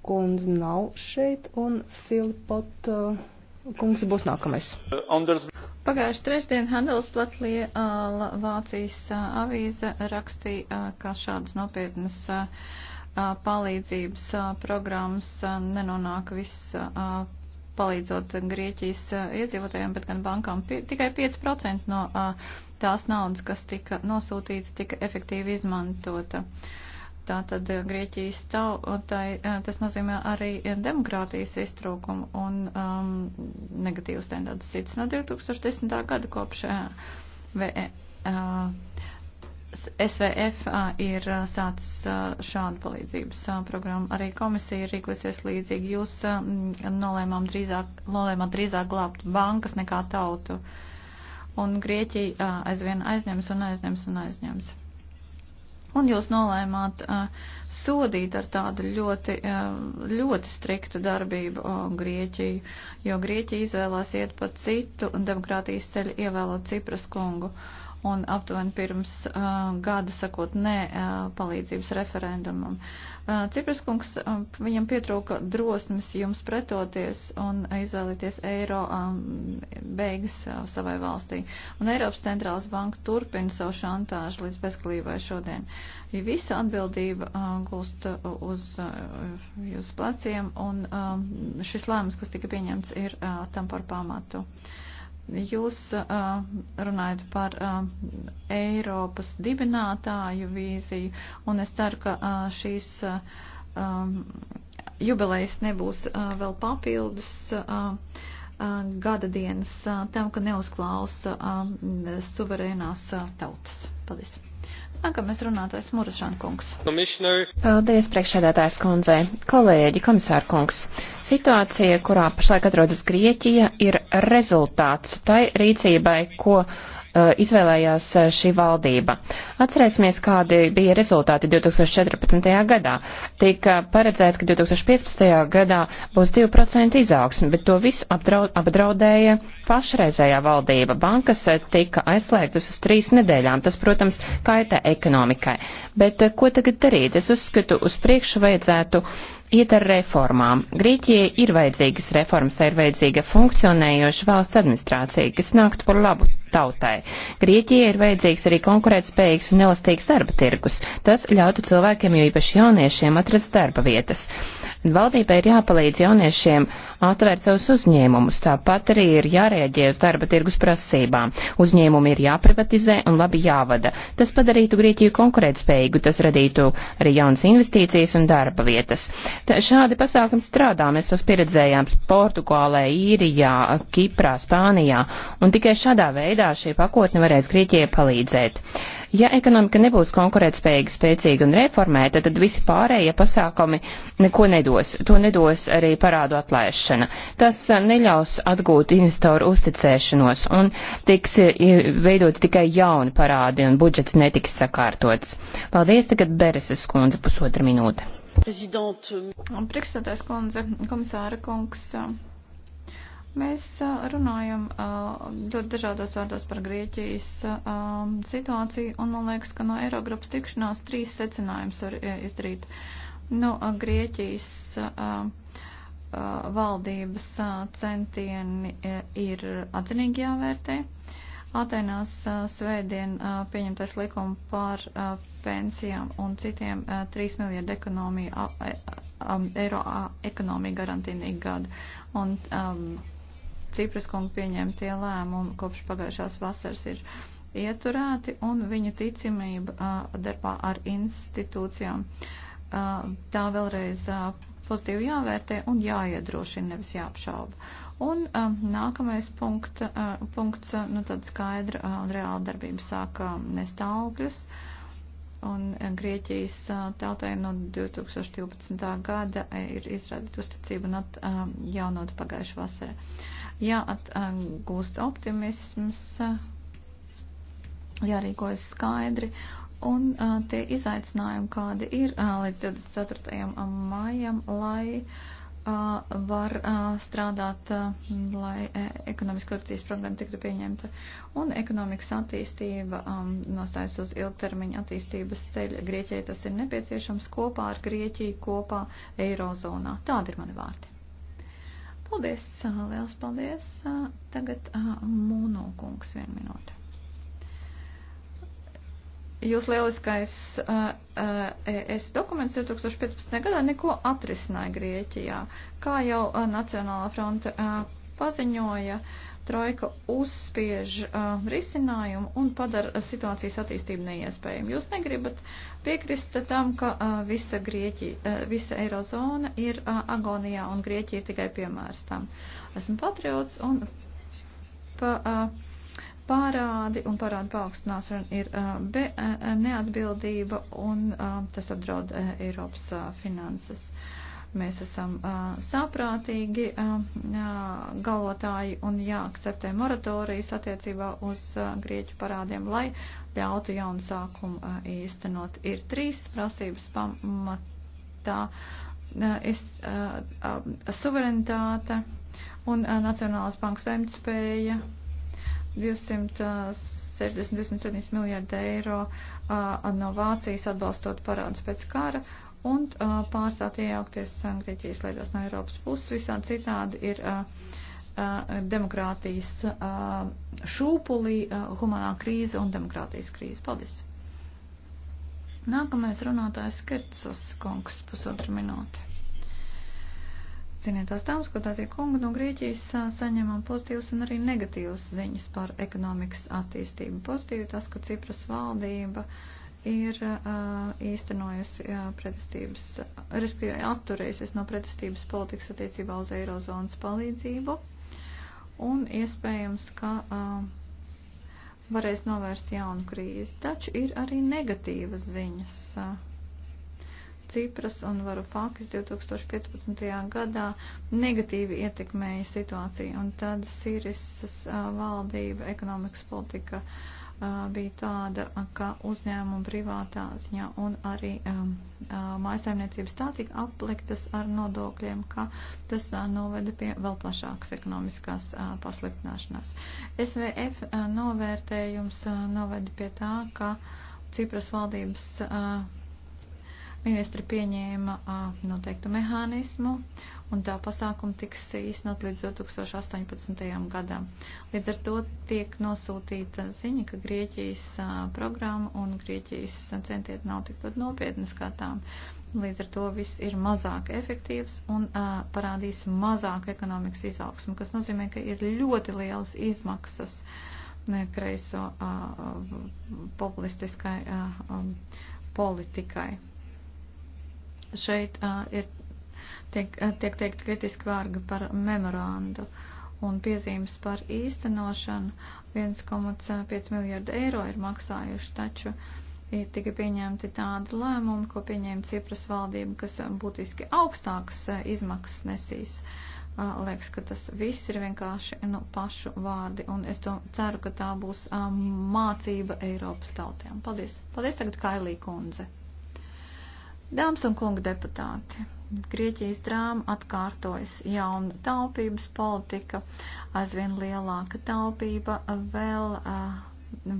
S6: kundze nav šeit un Filipot. Uh, kungs būs nākamais.
S5: Uh, Pagājuši trešdien Handelsblatlie uh, Vācijas uh, avīze rakstīja, ka šādas nopietnas palīdzības programmas nenonāk viss palīdzot Grieķijas iedzīvotājiem, bet gan bankām. Tikai 5% no tās naudas, kas tika nosūtīta, tika efektīvi izmantota. Uh, Tātad eh, Grieķijas tautai eh, tas nozīmē arī demokrātijas iztrūkumu un um, negatīvas tendences cits no 2010. gada kopš uh, v, uh, SVF ir sācis šādu palīdzības programmu. Arī komisija ir rīkusies līdzīgi. Jūs nolēmām drīzāk, nolēmāt drīzāk glābt bankas nekā tautu. Un Grieķija aizvien aizņems un aizņems un aizņems. Un jūs nolēmāt uh, sodīt ar tādu ļoti, uh, ļoti striktu darbību uh, Grieķiju, jo Grieķija izvēlās iet pa citu demokrātijas ceļu ievēlot Cipras kungu. Uh, un aptuveni pirms uh, gada sakot nē uh, palīdzības referendumam. Uh, Cipras kungs, uh, viņam pietrūka drosmes jums pretoties un izvēlēties eiro um, beigas uh, savai valstī. Un Eiropas centrālas banka turpina savu šantāžu līdz bezgalībai šodien. Ja visa atbildība uh, gulst uh, uz uh, jūsu pleciem un uh, šis lēmums, kas tika pieņemts, ir uh, tam par pamatu. Uh, Jūs uh, runājat par uh, Eiropas dibinātāju vīziju, un es ceru, ka uh, šīs uh, um, jubilejas nebūs uh, vēl papildus. Uh, uh gada dienas uh, tam, ka neuzklausa uh, suverēnās tautas. Paldies! Nākamais runātais Murašankungs.
S2: Paldies, priekšsēdētājs kundze, kolēģi, komisāra kungs. Situācija, kurā pašlaik atrodas Grieķija, ir rezultāts tai rīcībai, ko uh, Uh, izvēlējās uh, šī valdība. Atcerēsimies, kādi bija rezultāti 2014. gadā. Tika paredzēts, ka 2015. gadā būs 2% izaugsme, bet to visu apdraud, apdraudēja pašreizējā valdība. Bankas uh, tika aizslēgtas uz trīs nedēļām. Tas, protams, kaitē ekonomikai. Bet ko tagad darīt? Es uzskatu, uz priekšu vajadzētu uh, iet ar reformām. Grieķijai ir vajadzīgas reformas, tai ir vajadzīga funkcionējoša valsts administrācija, kas nāktu par labu tautai. Grieķijai ir vajadzīgs arī konkurētspējīgs un elastīgs darba tirgus. Tas ļautu cilvēkiem, jo īpaši jauniešiem, atrast darba vietas. Valdībai ir jāpalīdz jauniešiem atvērt savus uzņēmumus, tāpat arī ir jārēģē uz darba tirgus prasībām. Uzņēmumi ir jāprivatizē un labi jāvada. Tas padarītu Grieķiju konkurētspējīgu, tas radītu arī jaunas investīcijas un darba vietas. Tā, šādi pasākumi strādā, mēs tos pieredzējām Portugālē, Īrijā, Kiprā, Spānijā, un tikai šādā veidā šī pakotne varēs Grieķijai palīdzēt. Ja ekonomika nebūs konkurētspējīga, spēcīga un reformēta, tad visi pārējie pasākumi neko nedos. To nedos arī parādu atlaišana. Tas eh, neļaus atgūt investoru uzticēšanos un tiks eh, veidot tikai jauni parādi un budžets netiks sakārtots. Paldies tagad Bereses kundze pusotra minūte.
S5: Priekšsēdētājs kundze, komisāra kungs. Mēs runājam ļoti dažādos vārdos par Grieķijas situāciju, un man liekas, ka no Eirogrupas tikšanās trīs secinājums var izdarīt. No nu, Grieķijas valdības centieni ir atzinīgi jāvērtē. Atenās svētdien pieņemtais likuma par pensijām un citiem 3 miljardu ekonomiju, eiro ekonomiju garantīnīgi gadu. Un, um, Cipras kunga pieņemtie lēmumi kopš pagājušās vasaras ir ieturēti un viņa ticamība darbā ar institūcijām. Tā vēlreiz pozitīvi jāvērtē un jāiedrošina, nevis jāapšauba. Un um, nākamais punkt, uh, punkts, nu tad skaidra uh, un reāla darbība sāka nestaugļus. Uh, Un eh, Grieķijas eh, tautai no 2012. gada eh, ir izrādīta uzticība un atjaunot pagājušā vasara. Jā, atgūst optimisms, jārīkojas skaidri. Un uh, tie izaicinājumi, kādi ir uh, līdz 24. maijam, lai uh, var strādāt, lai e, ekonomiskā korupcijas problēma tiktu pieņemta. Un ekonomikas attīstība nostājas uz ilgtermiņa attīstības ceļa. Grieķijai tas ir nepieciešams kopā ar Grieķiju, kopā Eirozonā. Tādi ir mani vārti. Paldies, liels paldies. Tagad Mūnokungs vienu minūti. Jūs lieliskais uh, uh, ES dokuments 2015. gadā neko atrisināja Grieķijā. Kā jau uh, Nacionālā fronta uh, paziņoja, Trojka uzspiež uh, risinājumu un padara situācijas attīstību neiespējumu. Jūs negribat piekrist tam, ka uh, visa, Grieķi, uh, visa Eirozona ir uh, agonijā un Grieķija ir tikai piemērs tam. Esmu patriots un pa. Uh, Pārādi un parādu paaugstināšana ir be, neatbildība un tas apdraud Eiropas finanses. Mēs esam saprātīgi galvotāji un jāakceptē moratorijas attiecībā uz grieķu parādiem, lai ļautu jaunu sākumu īstenot. Ir trīs prasības pamatā es, suverenitāte un Nacionālās bankas lemtspēja 260-270 eh, miljārdi eiro eh, no Vācijas atbalstot parādus pēc kara un eh, pārstāt iejaukties Grieķijas lietās no Eiropas puses. Visādi citādi ir demokrātijas šūpulī, humanā krīze un demokrātijas krīze. Paldies! Nākamais runātājs Kertsas kungs, pusotra minūte. Cienītās dāmas, godātie kungi, no Grieķijas saņemam pozitīvas un arī negatīvas ziņas par ekonomikas attīstību. Pozitīvi tas, ka Cipras valdība ir uh, īstenojusi uh, pretestības, respektīvi atturējusies no pretestības politikas attiecībā uz eirozonas palīdzību un iespējams, ka uh, varēs novērst jaunu krīzi. Taču ir arī negatīvas ziņas. Uh, Cipras un Varufakis 2015. gadā negatīvi ietekmēja situāciju, un tad Sīrisas valdība ekonomikas politika bija tāda, ka uzņēmuma privātā ziņā un arī um, mājasaimniecības tā tika apliktas ar nodokļiem, ka tas uh, noveda pie vēl plašākas ekonomiskās uh, pasliktināšanās. SVF uh, novērtējums uh, noveda pie tā, ka Cipras valdības uh, Ministri pieņēma uh, noteiktu mehānismu, un tā pasākuma tiks īstenot līdz 2018. gadam. Līdz ar to tiek nosūtīta ziņa, ka Grieķijas uh, programma un Grieķijas centieti nav tik ļoti nopietni skatām. Līdz ar to viss ir mazāk efektīvs un uh, parādīs mazāk ekonomikas izaugsmu, kas nozīmē, ka ir ļoti lielas izmaksas kreiso uh, populistiskai uh, um, politikai šeit uh, ir, tiek, tiek teikt kritiski vārgi par memorandu un piezīmes par īstenošanu. 1,5 miljardu eiro ir maksājuši, taču ir tikai pieņemti tādi lēmumi, ko pieņēma Cipras valdība, kas būtiski augstākas izmaksas nesīs. Uh, liekas, ka tas viss ir vienkārši nu, pašu vārdi, un es to ceru, ka tā būs um, mācība Eiropas tautiem. Paldies! Paldies tagad Kailī kundze! Dāmas un kungi deputāti, Grieķijas drāma atkārtojas jauna taupības politika, aizvien lielāka taupība, vēl uh,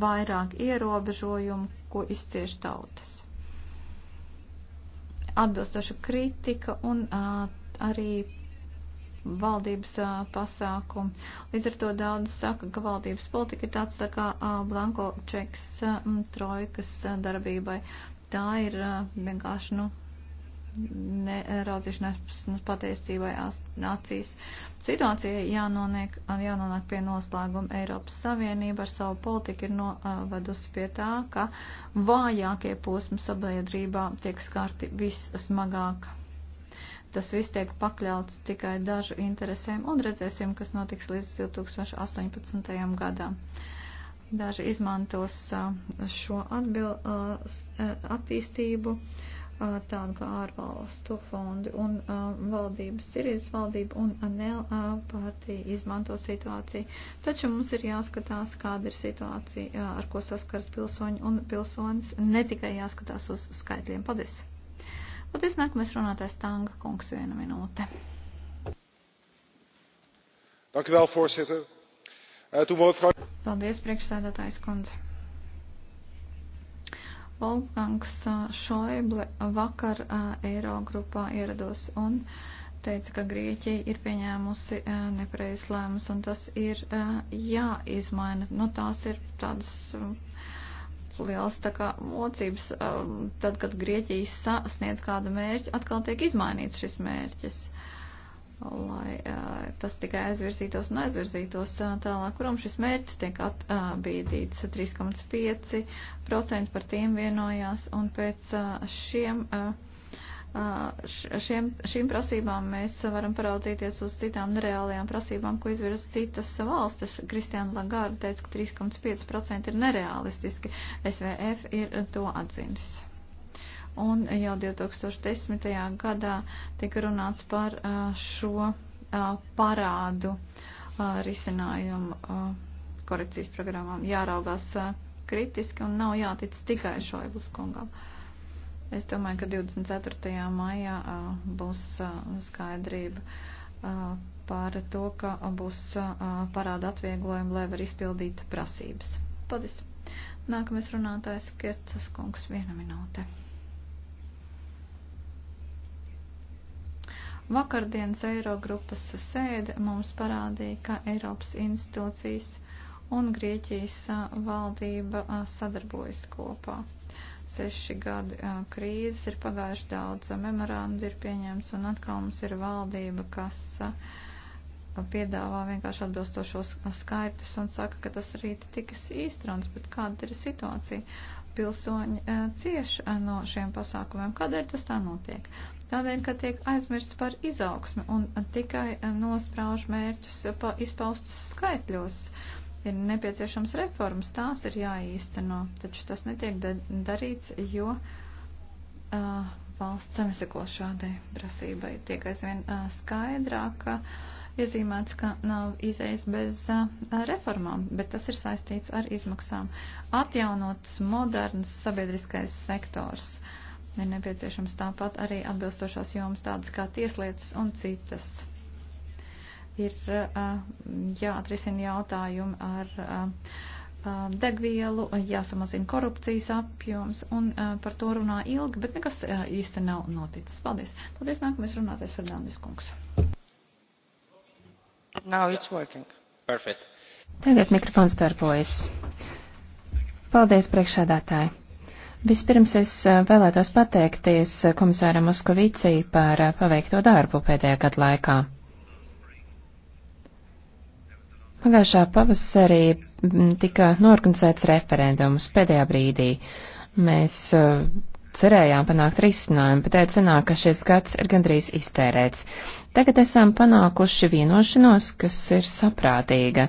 S5: vairāk ierobežojumu, ko izcieš tautas. Atbilstoša kritika un uh, arī valdības uh, eh, pasākumu. Līdz ar to daudz saka, ka valdības politika ir tāds tā kā uh, blanko čeks uh, trojkas uh, darbībai. Tā ir eh, vienkārši, nu, neraudzīšanās nu, patiesībai acīs. Situācija jānoniek, jānonāk pie noslēguma. Eiropas Savienība ar savu politiku ir novedusi pie tā, ka vājākie posmi sabiedrībā tiek skarti vissmagāk. Tas viss tiek pakļauts tikai dažu interesēm un redzēsim, kas notiks līdz 2018. gadam. Daži izmantos uh, šo atbil, uh, uh, attīstību, tādu kā ārvalstu fondi un valdības, Sirijas valdība un ANEL partija izmanto situāciju. Taču mums ir jāskatās, kāda ir situācija, ar ko saskars pilsoņi un pilsonis, ne tikai jāskatās uz skaitļiem. Paldies! Paldies, nākamais runātājs Tanga kungs, viena minūte.
S3: Dank u wel, voorzitter. Paldies,
S5: priekšsēdētājs kundze. Volgangs Šoible uh, vakar uh, Eirogrupā ierados un teica, ka Grieķija ir pieņēmusi uh, nepareizs lēmums un tas ir jāizmaina. Nu, tās ir tādas um, liels tā kā mocības. Um, tad, kad Grieķija sasniedz kādu mērķi, atkal tiek izmainīts šis mērķis. Uh, lai uh, tas tikai aizvirzītos un aizvirzītos uh, tālāk, kuram šis mērķis tiek atbīdīts. Uh, 3,5% par tiem vienojās un pēc uh, šiem. Uh, Šiem, šīm prasībām mēs varam paraudzīties uz citām nereālajām prasībām, ko izviras citas valstis. Kristiāna Lagarde teica, ka 3,5% ir nereālistiski. SVF ir to atzinis un jau 2010. gadā tika runāts par šo parādu risinājumu korekcijas programmām. Jāraugās kritiski un nav jātic tikai Šoibus kungam. Es domāju, ka 24. maijā būs skaidrība par to, ka būs parāda atvieglojumi, lai var izpildīt prasības. Paldies! Nākamais runātājs Kercas kungs, viena minūte. Vakardienas Eirogrupas sēde mums parādīja, ka Eiropas institūcijas un Grieķijas valdība sadarbojas kopā. Seši gadi krīzes ir pagājuši daudz, memorandu ir pieņemts un atkal mums ir valdība, kas piedāvā vienkārši atbilstošos skaitļus un saka, ka tas arī tiks īstrons, bet kāda ir situācija? pilsoņi eh, cieši eh, no šiem pasākumiem. Kādēļ tas tā notiek? Tādēļ, ka tiek aizmirsts par izaugsmi un tikai eh, nosprauž mērķus izpaustus skaitļos. Ir nepieciešams reformas, tās ir jāīsteno, taču tas netiek da darīts, jo uh, valsts neseko šādai prasībai. Tiek aizvien uh, skaidrāk, ka uh, iezīmēts, ka nav izējas bez reformām, bet tas ir saistīts ar izmaksām. Atjaunots moderns sabiedriskais sektors ir nepieciešams tāpat arī atbilstošās jomas tādas kā tieslietas un citas. Ir jāatrisina jautājumi ar degvielu, jāsamazina korupcijas apjoms, un par to runā ilgi, bet nekas īsti nav noticis. Paldies. Paldies, nākamais runātais Fernandes kungs. Tagad mikrofons darbojas.
S2: Paldies, priekšādātāji! Vispirms es eh, vēlētos pateikties eh, komisāram Moskovici par eh, paveikto darbu pēdējā gada laikā. Pagājušā pavasarī tika norganizēts referendums pēdējā brīdī. Mēs cerējām panākt risinājumu, bet aicināk, ka šis gads ir gandrīz iztērēts. Tagad esam panākuši vienošanos, kas ir saprātīga.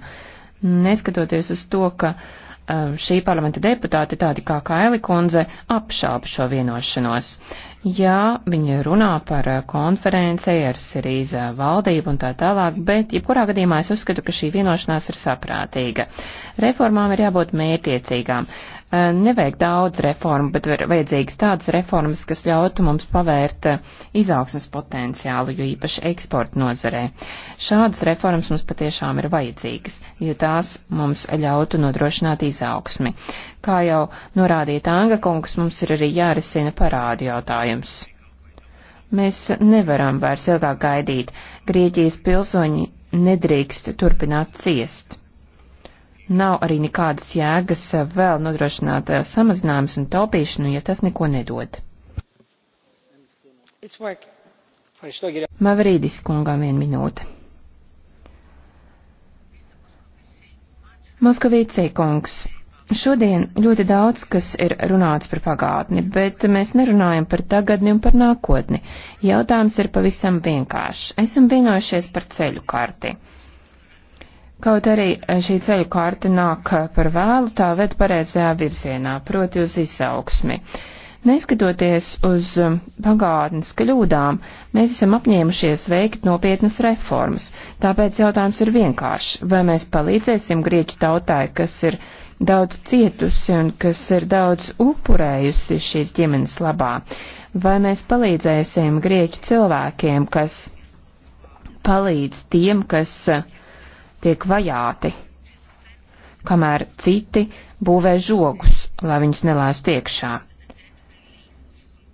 S2: Neskatoties uz to, ka eh, šī parlamenta deputāti, tādi kā Kaili kundze, apšāpa šo vienošanos. Jā, viņi runā par eh, konferenci ar Sirīza valdību un tā tālāk, bet jebkurā gadījumā es uzskatu, ka šī vienošanās ir saprātīga. Reformām ir jābūt mērtiecīgām. Eh, nevajag daudz reformu, bet vajadzīgas tādas reformas, kas ļautu mums pavērt eh, izaugsmas potenciālu, jo īpaši eksporta nozarē. Šādas reformas mums patiešām ir vajadzīgas, jo tās mums ļautu nodrošināt izaugsmi. Kā jau norādīja Tanga kungs, mums ir arī jārisina parādi jautājumi jautājums. Mēs nevaram vairs ilgāk gaidīt. Grieķijas pilsoņi nedrīkst turpināt ciest. Nav arī nekādas jēgas vēl nodrošināt eh, samazinājumus un taupīšanu, ja tas neko nedod. Mavrīdis kungām vien minūte. Moskavīcei kungs. Šodien ļoti daudz, kas ir runāts par pagātni, bet mēs nerunājam par tagadni un par nākotni. Jautājums ir pavisam vienkāršs. Esam vienojušies par ceļu karti. Kaut arī šī ceļu karti nāk par vēlu, tā ved pareizajā virzienā, proti uz izaugsmi. Neskatoties uz pagātnes kļūdām, mēs esam apņēmušies veikt nopietnas reformas, tāpēc jautājums ir vienkāršs, vai mēs palīdzēsim grieķu tautai, kas ir daudz cietusi un kas ir daudz upurējusi šīs ģimenes labā? Vai mēs palīdzēsim grieķu cilvēkiem, kas palīdz tiem, kas eh, tiek vajāti, kamēr citi būvē žogus, lai viņus nelēst iekšā?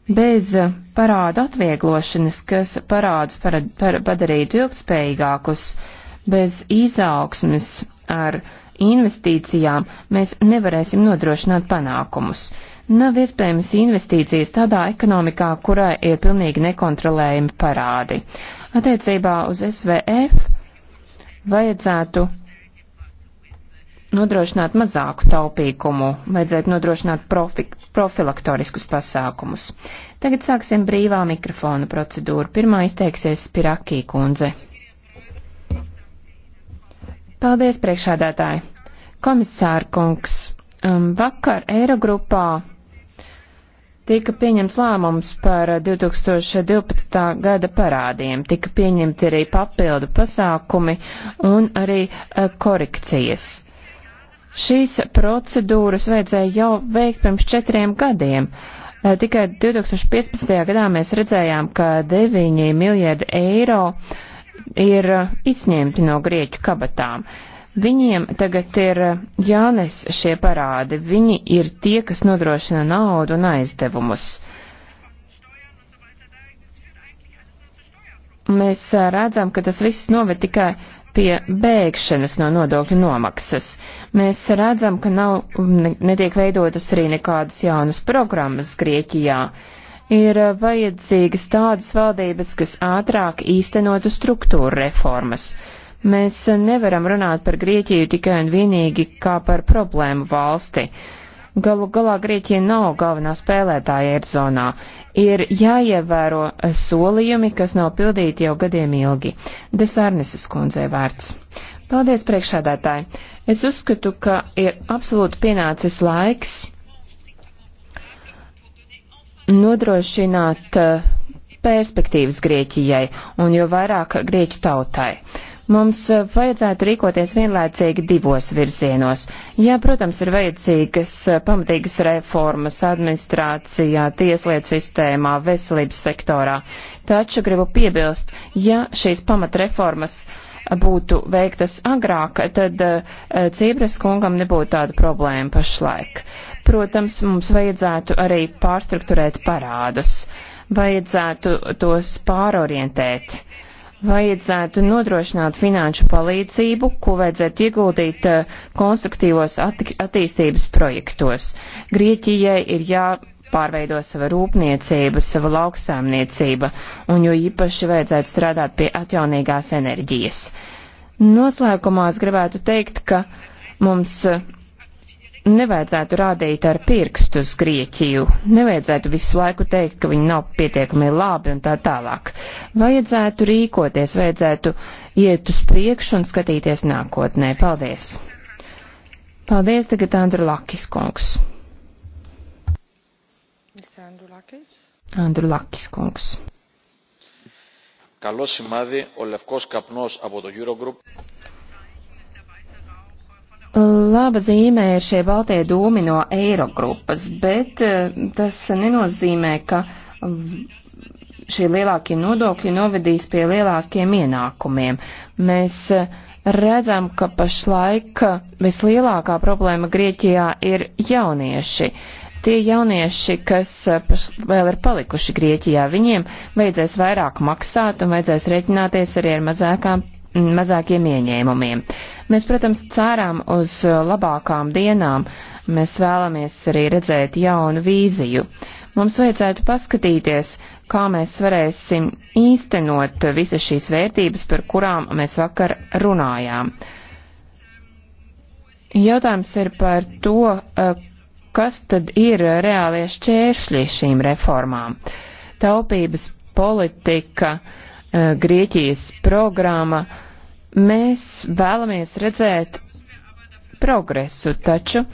S2: Bez eh, parādu atvieglošanas, kas parādus parad, par, padarītu ilgspējīgākus, bez izaugsmes ar investīcijām mēs nevarēsim nodrošināt panākumus. Nav iespējams investīcijas tādā ekonomikā, kurai ir pilnīgi nekontrolējami parādi. Attiecībā uz SVF vajadzētu nodrošināt mazāku taupīgumu, vajadzētu nodrošināt profi, profilaktoriskus pasākumus. Tagad sāksim brīvā mikrofona procedūru. Pirmā izteiksies Pirakī kundze. Paldies, priekšādātāji. Komisāra kungs, um, vakar Eirogrupā tika pieņems lēmums par 2012. gada parādiem, tika pieņemti arī papildu pasākumi un arī uh, korekcijas. Šīs procedūras vajadzēja jau veikt pirms četriem gadiem. Uh, tikai 2015. gadā mēs redzējām, ka 9 miljardi eiro uh, ir eh, izņemti no grieķu kabatām. Viņiem tagad ir eh, jānes šie parādi. Viņi ir tie, kas nodrošina naudu un aizdevumus. Mēs eh, redzam, ka tas viss noved tikai pie bēgšanas no nodokļu nomaksas. Mēs redzam, ka nav, netiek veidotas arī nekādas jaunas programmas Grieķijā. Uh, ir eh, vajadzīgas tādas valdības, kas ātrāk īstenotu struktūra reformas. Mēs eh, nevaram runāt par Grieķiju tikai un vienīgi kā par problēmu valsti. Galu galā Grieķija nav galvenā spēlētāja Eirozonā. Ir jāievēro eh, solījumi, kas nav pildīti jau gadiem ilgi. Desarneses kundzei vārds. Paldies, priekšādātāji! Es uzskatu, ka ir absolūti pienācis laiks nodrošināt eh, perspektīvas Grieķijai un jo vairāk Grieķu tautai. Mums eh, vajadzētu rīkoties vienlaicīgi divos virzienos. Jā, protams, ir vajadzīgas eh, pamatīgas reformas administrācijā, tieslietu sistēmā, veselības sektorā, taču gribu piebilst, ja šīs pamatreformas reformas būtu veiktas agrāk, tad eh, Cībras kungam nebūtu tāda problēma pašlaik. Protams, mums vajadzētu arī pārstruktūrēt parādus, vajadzētu tos pārorientēt vajadzētu nodrošināt finanšu palīdzību, ko vajadzētu ieguldīt eh, konstruktīvos atti attīstības projektos. Grieķijai ir jā jāpārveido sava rūpniecība, sava lauksaimniecība, un jo īpaši vajadzētu strādāt pie atjaunīgās enerģijas. Noslēgumā es gribētu teikt, ka mums eh, nevajadzētu rādīt ar pirkstu uz Grieķiju, nevajadzētu visu laiku teikt, ka viņi nav pietiekami labi un tā tālāk. Vajadzētu rīkoties, vajadzētu iet uz priekšu un skatīties nākotnē. Paldies! Paldies tagad Andra Lakis kungs! Andru Lakis kungs.
S1: Καλό σημάδι, ο λευκός καπνός από το Eurogroup.
S2: Laba zīmē ir šie baltie dūmi no Eirogrupas, bet eh, tas nenozīmē, ka šie lielākie nodokļi novedīs pie lielākiem ienākumiem. Mēs eh, redzam, ka pašlaik eh, vislielākā problēma Grieķijā ir jaunieši. Uh, Tie jaunieši, kas eh, vēl ir palikuši Grieķijā, viņiem vajadzēs vairāk maksāt un vajadzēs rēķināties arī ar mazākām, mazākiem ieņēmumiem. Mēs, protams, cērām uz eh, labākām dienām, mēs vēlamies arī redzēt jaunu vīziju. Mums vajadzētu paskatīties, kā mēs varēsim īstenot visas šīs vērtības, par kurām mēs vakar runājām. Jautājums ir par to, eh, kas tad ir reālie šķēršļi šīm reformām. Taupības politika, eh, Grieķijas programma, mēs vēlamies redzēt progresu, taču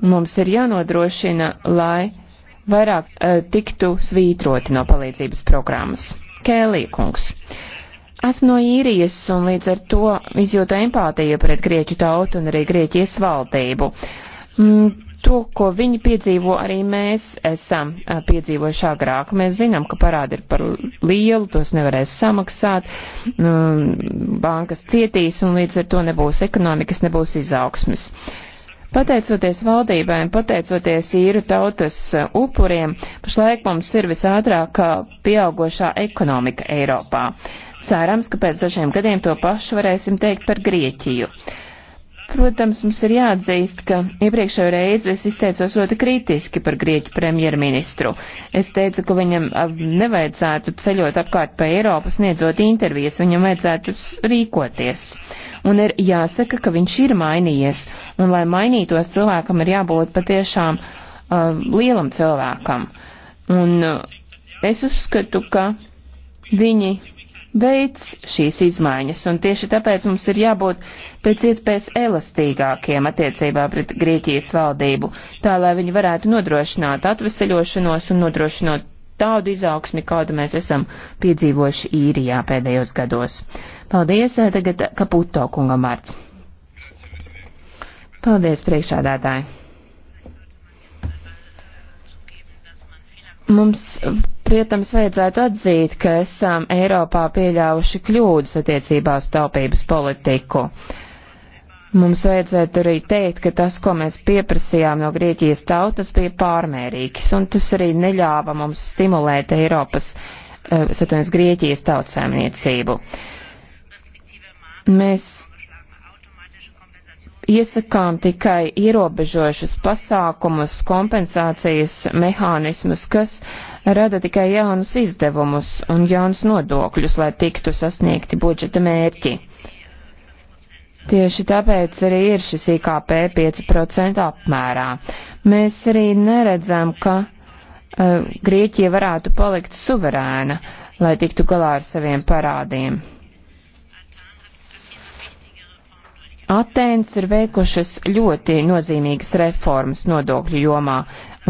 S2: mums ir jānodrošina, lai vairāk uh, tiktu svītroti no palīdzības programmas. Kēlī kungs. Esmu no īrijas un līdz ar to izjūtu empātiju pret grieķu tautu un arī grieķijas valdību. Mm, To, ko viņi piedzīvo, arī mēs esam piedzīvojuši agrāk. Mēs zinām, ka parādi ir par lielu, tos nevarēs samaksāt, nu, bankas cietīs un līdz ar to nebūs ekonomikas, nebūs izaugsmes. Pateicoties valdībēm, pateicoties īru tautas upuriem, pašlaik mums ir visātrāk pieaugošā ekonomika Eiropā. Cerams, ka pēc dažiem gadiem to pašu varēsim teikt par Grieķiju. Protams, mums ir jāatzīst, ka iepriekšējo reizi es izteicos ļoti kritiski par Grieķu premjerministru. Es teicu, ka viņam nevajadzētu ceļot apkārt pa Eiropu sniedzot intervijas, viņam vajadzētu rīkoties. Un ir jāsaka, ka viņš ir mainījies, un lai mainītos cilvēkam ir jābūt patiešām uh, lielam cilvēkam. Un uh, es uzskatu, ka viņi veids šīs izmaiņas, un tieši tāpēc mums ir jābūt pēc iespējas elastīgākiem attiecībā pret Grieķijas valdību, tā lai viņi varētu nodrošināt atveseļošanos un nodrošinot tādu izaugsmi, kādu mēs esam piedzīvojuši īrijā pēdējos gados. Paldies, eh, tagad Kaputo kungam vārds. Paldies, priekšādātāji. Mums Protams, vajadzētu atzīt, ka esam Eiropā pieļāvuši kļūdas attiecībā uz taupības politiku. Mums vajadzētu arī teikt, ka tas, ko mēs pieprasījām no Grieķijas tautas, bija pārmērīgs, un tas arī neļāva mums stimulēt Eiropas, eh, satunies, Grieķijas tautsēmniecību. Mēs iesakām tikai ierobežojušus pasākumus, kompensācijas mehānismus, kas rada tikai jaunus izdevumus un jaunus nodokļus, lai tiktu sasniegti budžeta mērķi. Tieši tāpēc arī ir šis IKP 5% apmērā. Mēs arī neredzam, ka uh, Grieķija varētu palikt suverēna, lai tiktu galā ar saviem parādiem. Atēnas ir veikušas ļoti nozīmīgas reformas nodokļu jomā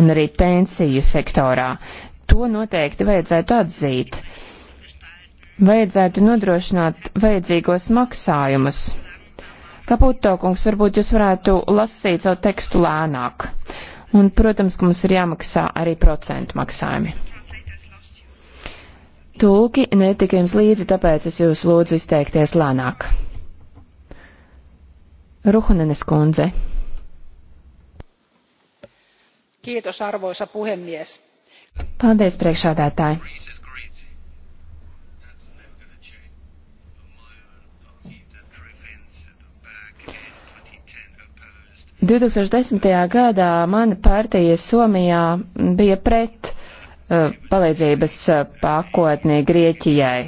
S2: un arī pensiju sektorā. To noteikti vajadzētu atzīt. Vajadzētu nodrošināt vajadzīgos maksājumus. Kaputo kungs, varbūt jūs varētu lasīt savu tekstu lēnāk. Un, protams, ka mums ir jāmaksā arī procentu maksājumi. Tulki netika jums līdzi, tāpēc es jūs lūdzu izteikties lēnāk. Ruhonenes kundze.
S1: Kiitos, arvoisa puhemies.
S2: Paldies, priekšādātāji. Divtūkstošdesmitajā gadā mana partija Somijā bija pret uh, palīdzības uh, pakotnī Grieķijai.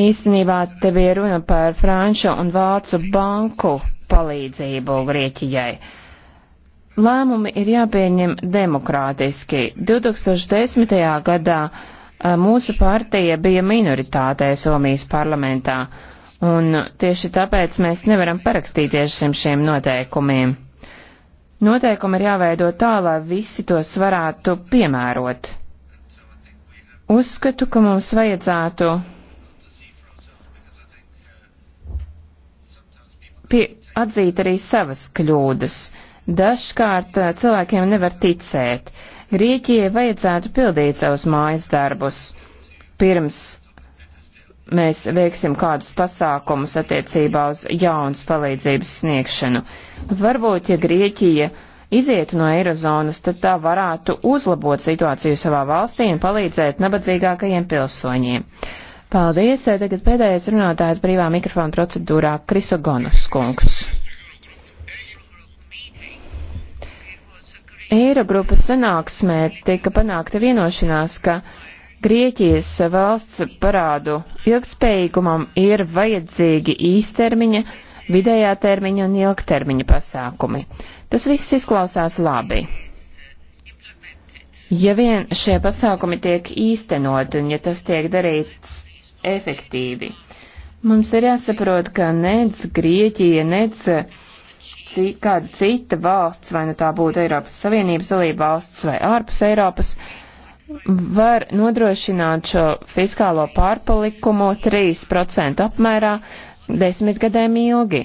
S2: Īstenībā te bija runa par Franču un Vācu banku palīdzību Grieķijai. Lēmumi ir jāpieņem demokrātiski. 2010. gadā mūsu partija bija minoritātē Somijas parlamentā, un tieši tāpēc mēs nevaram parakstīties šiem, šiem noteikumiem. Noteikumi ir jāveido tā, lai visi tos varētu piemērot. Uzskatu, ka mums vajadzētu pie, atzīt arī savas kļūdas. Dažkārt eh, cilvēkiem nevar ticēt. Grieķijai vajadzētu pildīt savus mājas darbus. Pirms mēs veiksim kādus pasākumus attiecībā uz jaunas palīdzības sniegšanu. Varbūt, ja Grieķija izietu no Eirozonas, tad tā varētu uzlabot situāciju savā valstī un palīdzēt nabadzīgākajiem pilsoņiem. Paldies. Tagad pēdējais runātājs brīvā mikrofona procedūrā - Krisogonus kungs. Eirogrupas sanāksmē tika panākta vienošanās, ka Grieķijas valsts parādu ilgspējīgumam ir vajadzīgi īstermiņa, vidējā termiņa un ilgtermiņa pasākumi. Tas viss izklausās labi. Ja vien šie pasākumi tiek īstenoti un ja tas tiek darīts efektīvi. Mums ir jāsaprot, ka nec Grieķija, nec kāda cita valsts, vai nu tā būtu Eiropas Savienības dalība valsts vai ārpus Eiropas, var nodrošināt šo fiskālo pārpalikumu 3% apmērā desmitgadēm ilgi.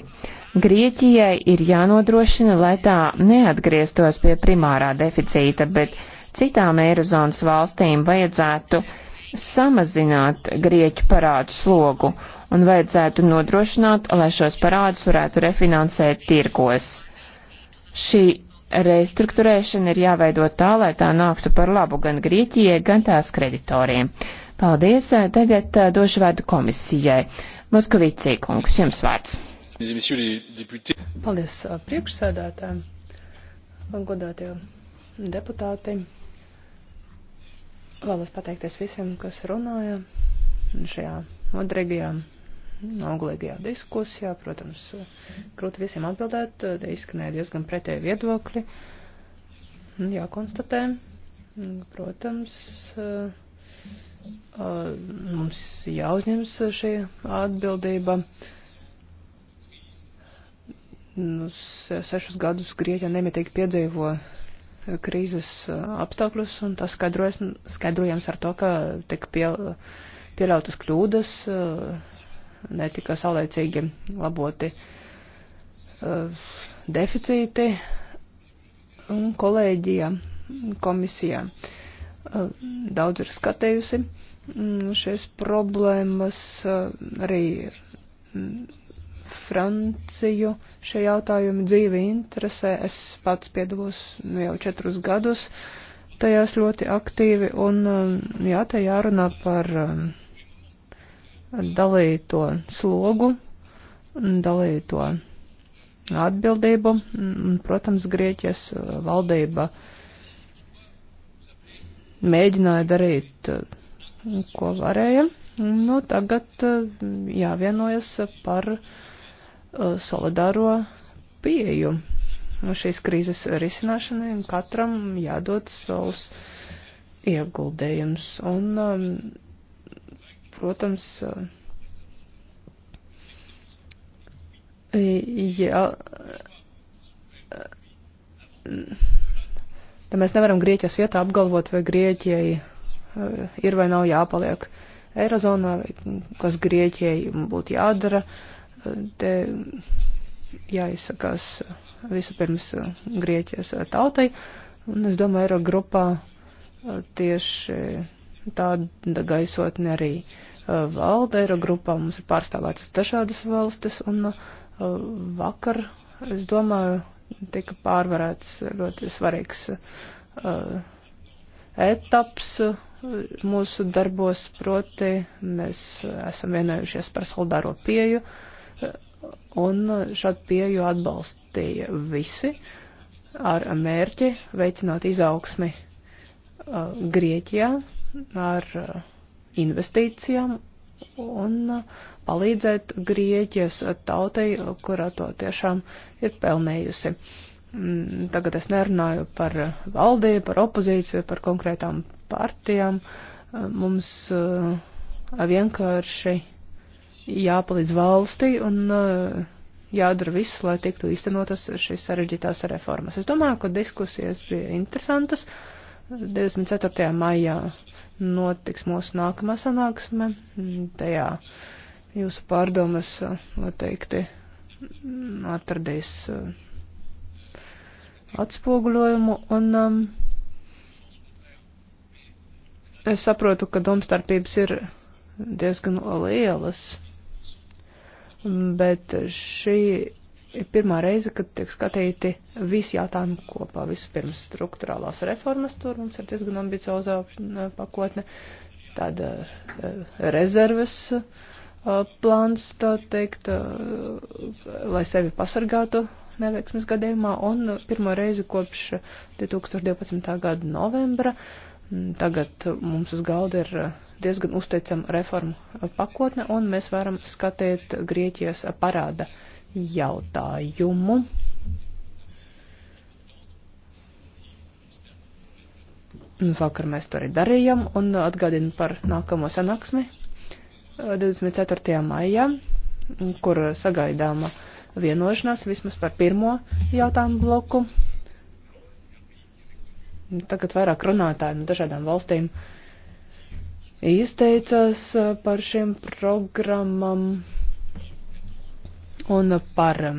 S2: Grieķijai ir jānodrošina, lai tā neatgrieztos pie primārā deficīta, bet citām Eirozonas valstīm vajadzētu uh, samazināt grieķu parādu slogu un vajadzētu nodrošināt, lai šos parādus varētu refinansēt tirgos. Šī restruktūrēšana ir jāveido tā, lai tā nāktu par labu gan Grieķijai, gan tās kreditoriem. Paldies, tagad uh, došu vārdu komisijai. Moskavīcī kungs, jums vārds.
S6: Paldies uh, priekšsēdētājiem, godātie deputāti. Vēlos pateikties visiem, kas runāja šajā noderīgajā, auglīgajā diskusijā. Protams, grūti visiem atbildēt, te izskanēja diezgan pretēji viedokļi. Jākonstatē, protams, mums jāuzņems šī atbildība. Nu, sešus gadus Grieķija nemitīgi piedzīvo krīzes uh, apstākļus, un tas skaidrojams ar to, ka tika pie, pieļautas kļūdas, uh, netika saulēcīgi laboti uh, deficīti, un kolēģija komisijā daudz ir skatījusi mm, šīs problēmas, arī mm, Franciju šie jautājumi dzīvi interesē. Es pats piedalos nu, jau četrus gadus tajās ļoti aktīvi, un um, jā, te jārunā par um, dalīto slogu, dalīto atbildību, un, protams, Grieķijas uh, valdība mēģināja darīt, uh, ko varēja. Nu, tagad uh, jāvienojas par uh, Uh, solidāro pieju šīs krīzes risināšanai un katram jādod savus ieguldējums. Un, um, protams, uh, jā, uh, tā mēs nevaram Grieķijas vietā apgalvot, vai Grieķijai ir vai nav jāpaliek Eirozonā, vai kas Grieķijai būtu jādara. Uh, te jāizsakās vispirms Grieķijas tautai, un es domāju, Eiro grupā tieši tāda gaisotne arī valda. Eiro grupā mums ir pārstāvētas dažādas valstis, un vakar, es domāju, tika pārvarēts ļoti svarīgs uh, etaps uh, mūsu darbos, proti mēs esam vienojušies par solidāro pieju, uh, Un šādu pieju atbalstīja visi ar mērķi veicināt izaugsmi uh, Grieķijā ar uh, investīcijām un uh, palīdzēt Grieķijas tautai, kurā to tiešām ir pelnējusi. Mm, tagad es nerunāju par uh, valdību, par opozīciju, par konkrētām partijām. Uh, mums uh, vienkārši jāpalīdz valstī un uh, jādara viss, lai tiktu īstenotas šīs sarežģītās reformas. Es domāju, ka diskusijas bija interesantas. 24. maijā notiks mūsu nākamā sanāksme. Tajā jūsu pārdomas uh, noteikti mm, atradīs uh, atspoguļojumu. Un, um, es saprotu, ka domstarpības ir diezgan lielas bet šī ir pirmā reize, kad tiek skatīti visi jautājumi kopā. Vispirms
S1: struktūrālās
S6: reformas, tur mums ir diezgan ambiciozā pakotne, tāda eh, rezerves eh, plāns, tā teikt, eh, lai sevi pasargātu neveiksmes gadījumā, un pirmo reizi kopš 2012. gada novembra. Tagad mums uz galda ir diezgan uzteicama reforma pakotne, un mēs varam skatīt Grieķijas parāda jautājumu. Vakar mēs to arī darījām, un atgādinu par nākamo sanāksmi 24. maijā, kur sagaidāma vienošanās vismaz par pirmo jautājumu bloku tagad vairāk runātāji no dažādām valstīm izteicās eh, par šiem programmam un par eh,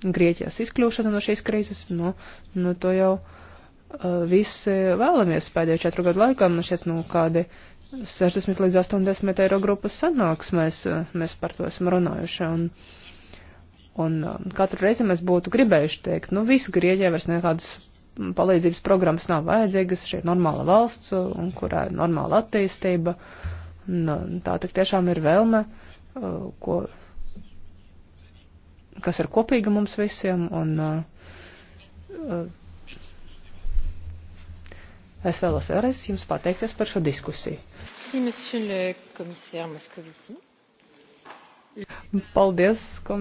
S6: Grieķijas izkļūšanu no šīs krīzes. Nu, nu to jau eh, visi vēlamies pēdējo četru gadu laikā. Man šķiet, nu, kādi 60 līdz 80 eiro grupas sanāksmēs mēs par to esam runājuši. Un, un katru reizi mēs būtu gribējuši teikt, nu, visi Grieķijai vairs nekādas palīdzības programmas nav vajadzīgas, šī ir normāla valsts, un kurā ir normāla attīstība. Un, uh, tā tik tiešām ir vēlme, uh, ko, kas ir kopīga mums visiem, un uh, es vēlos vēlreiz jums pateikties par šo diskusiju. Paldies, komisār.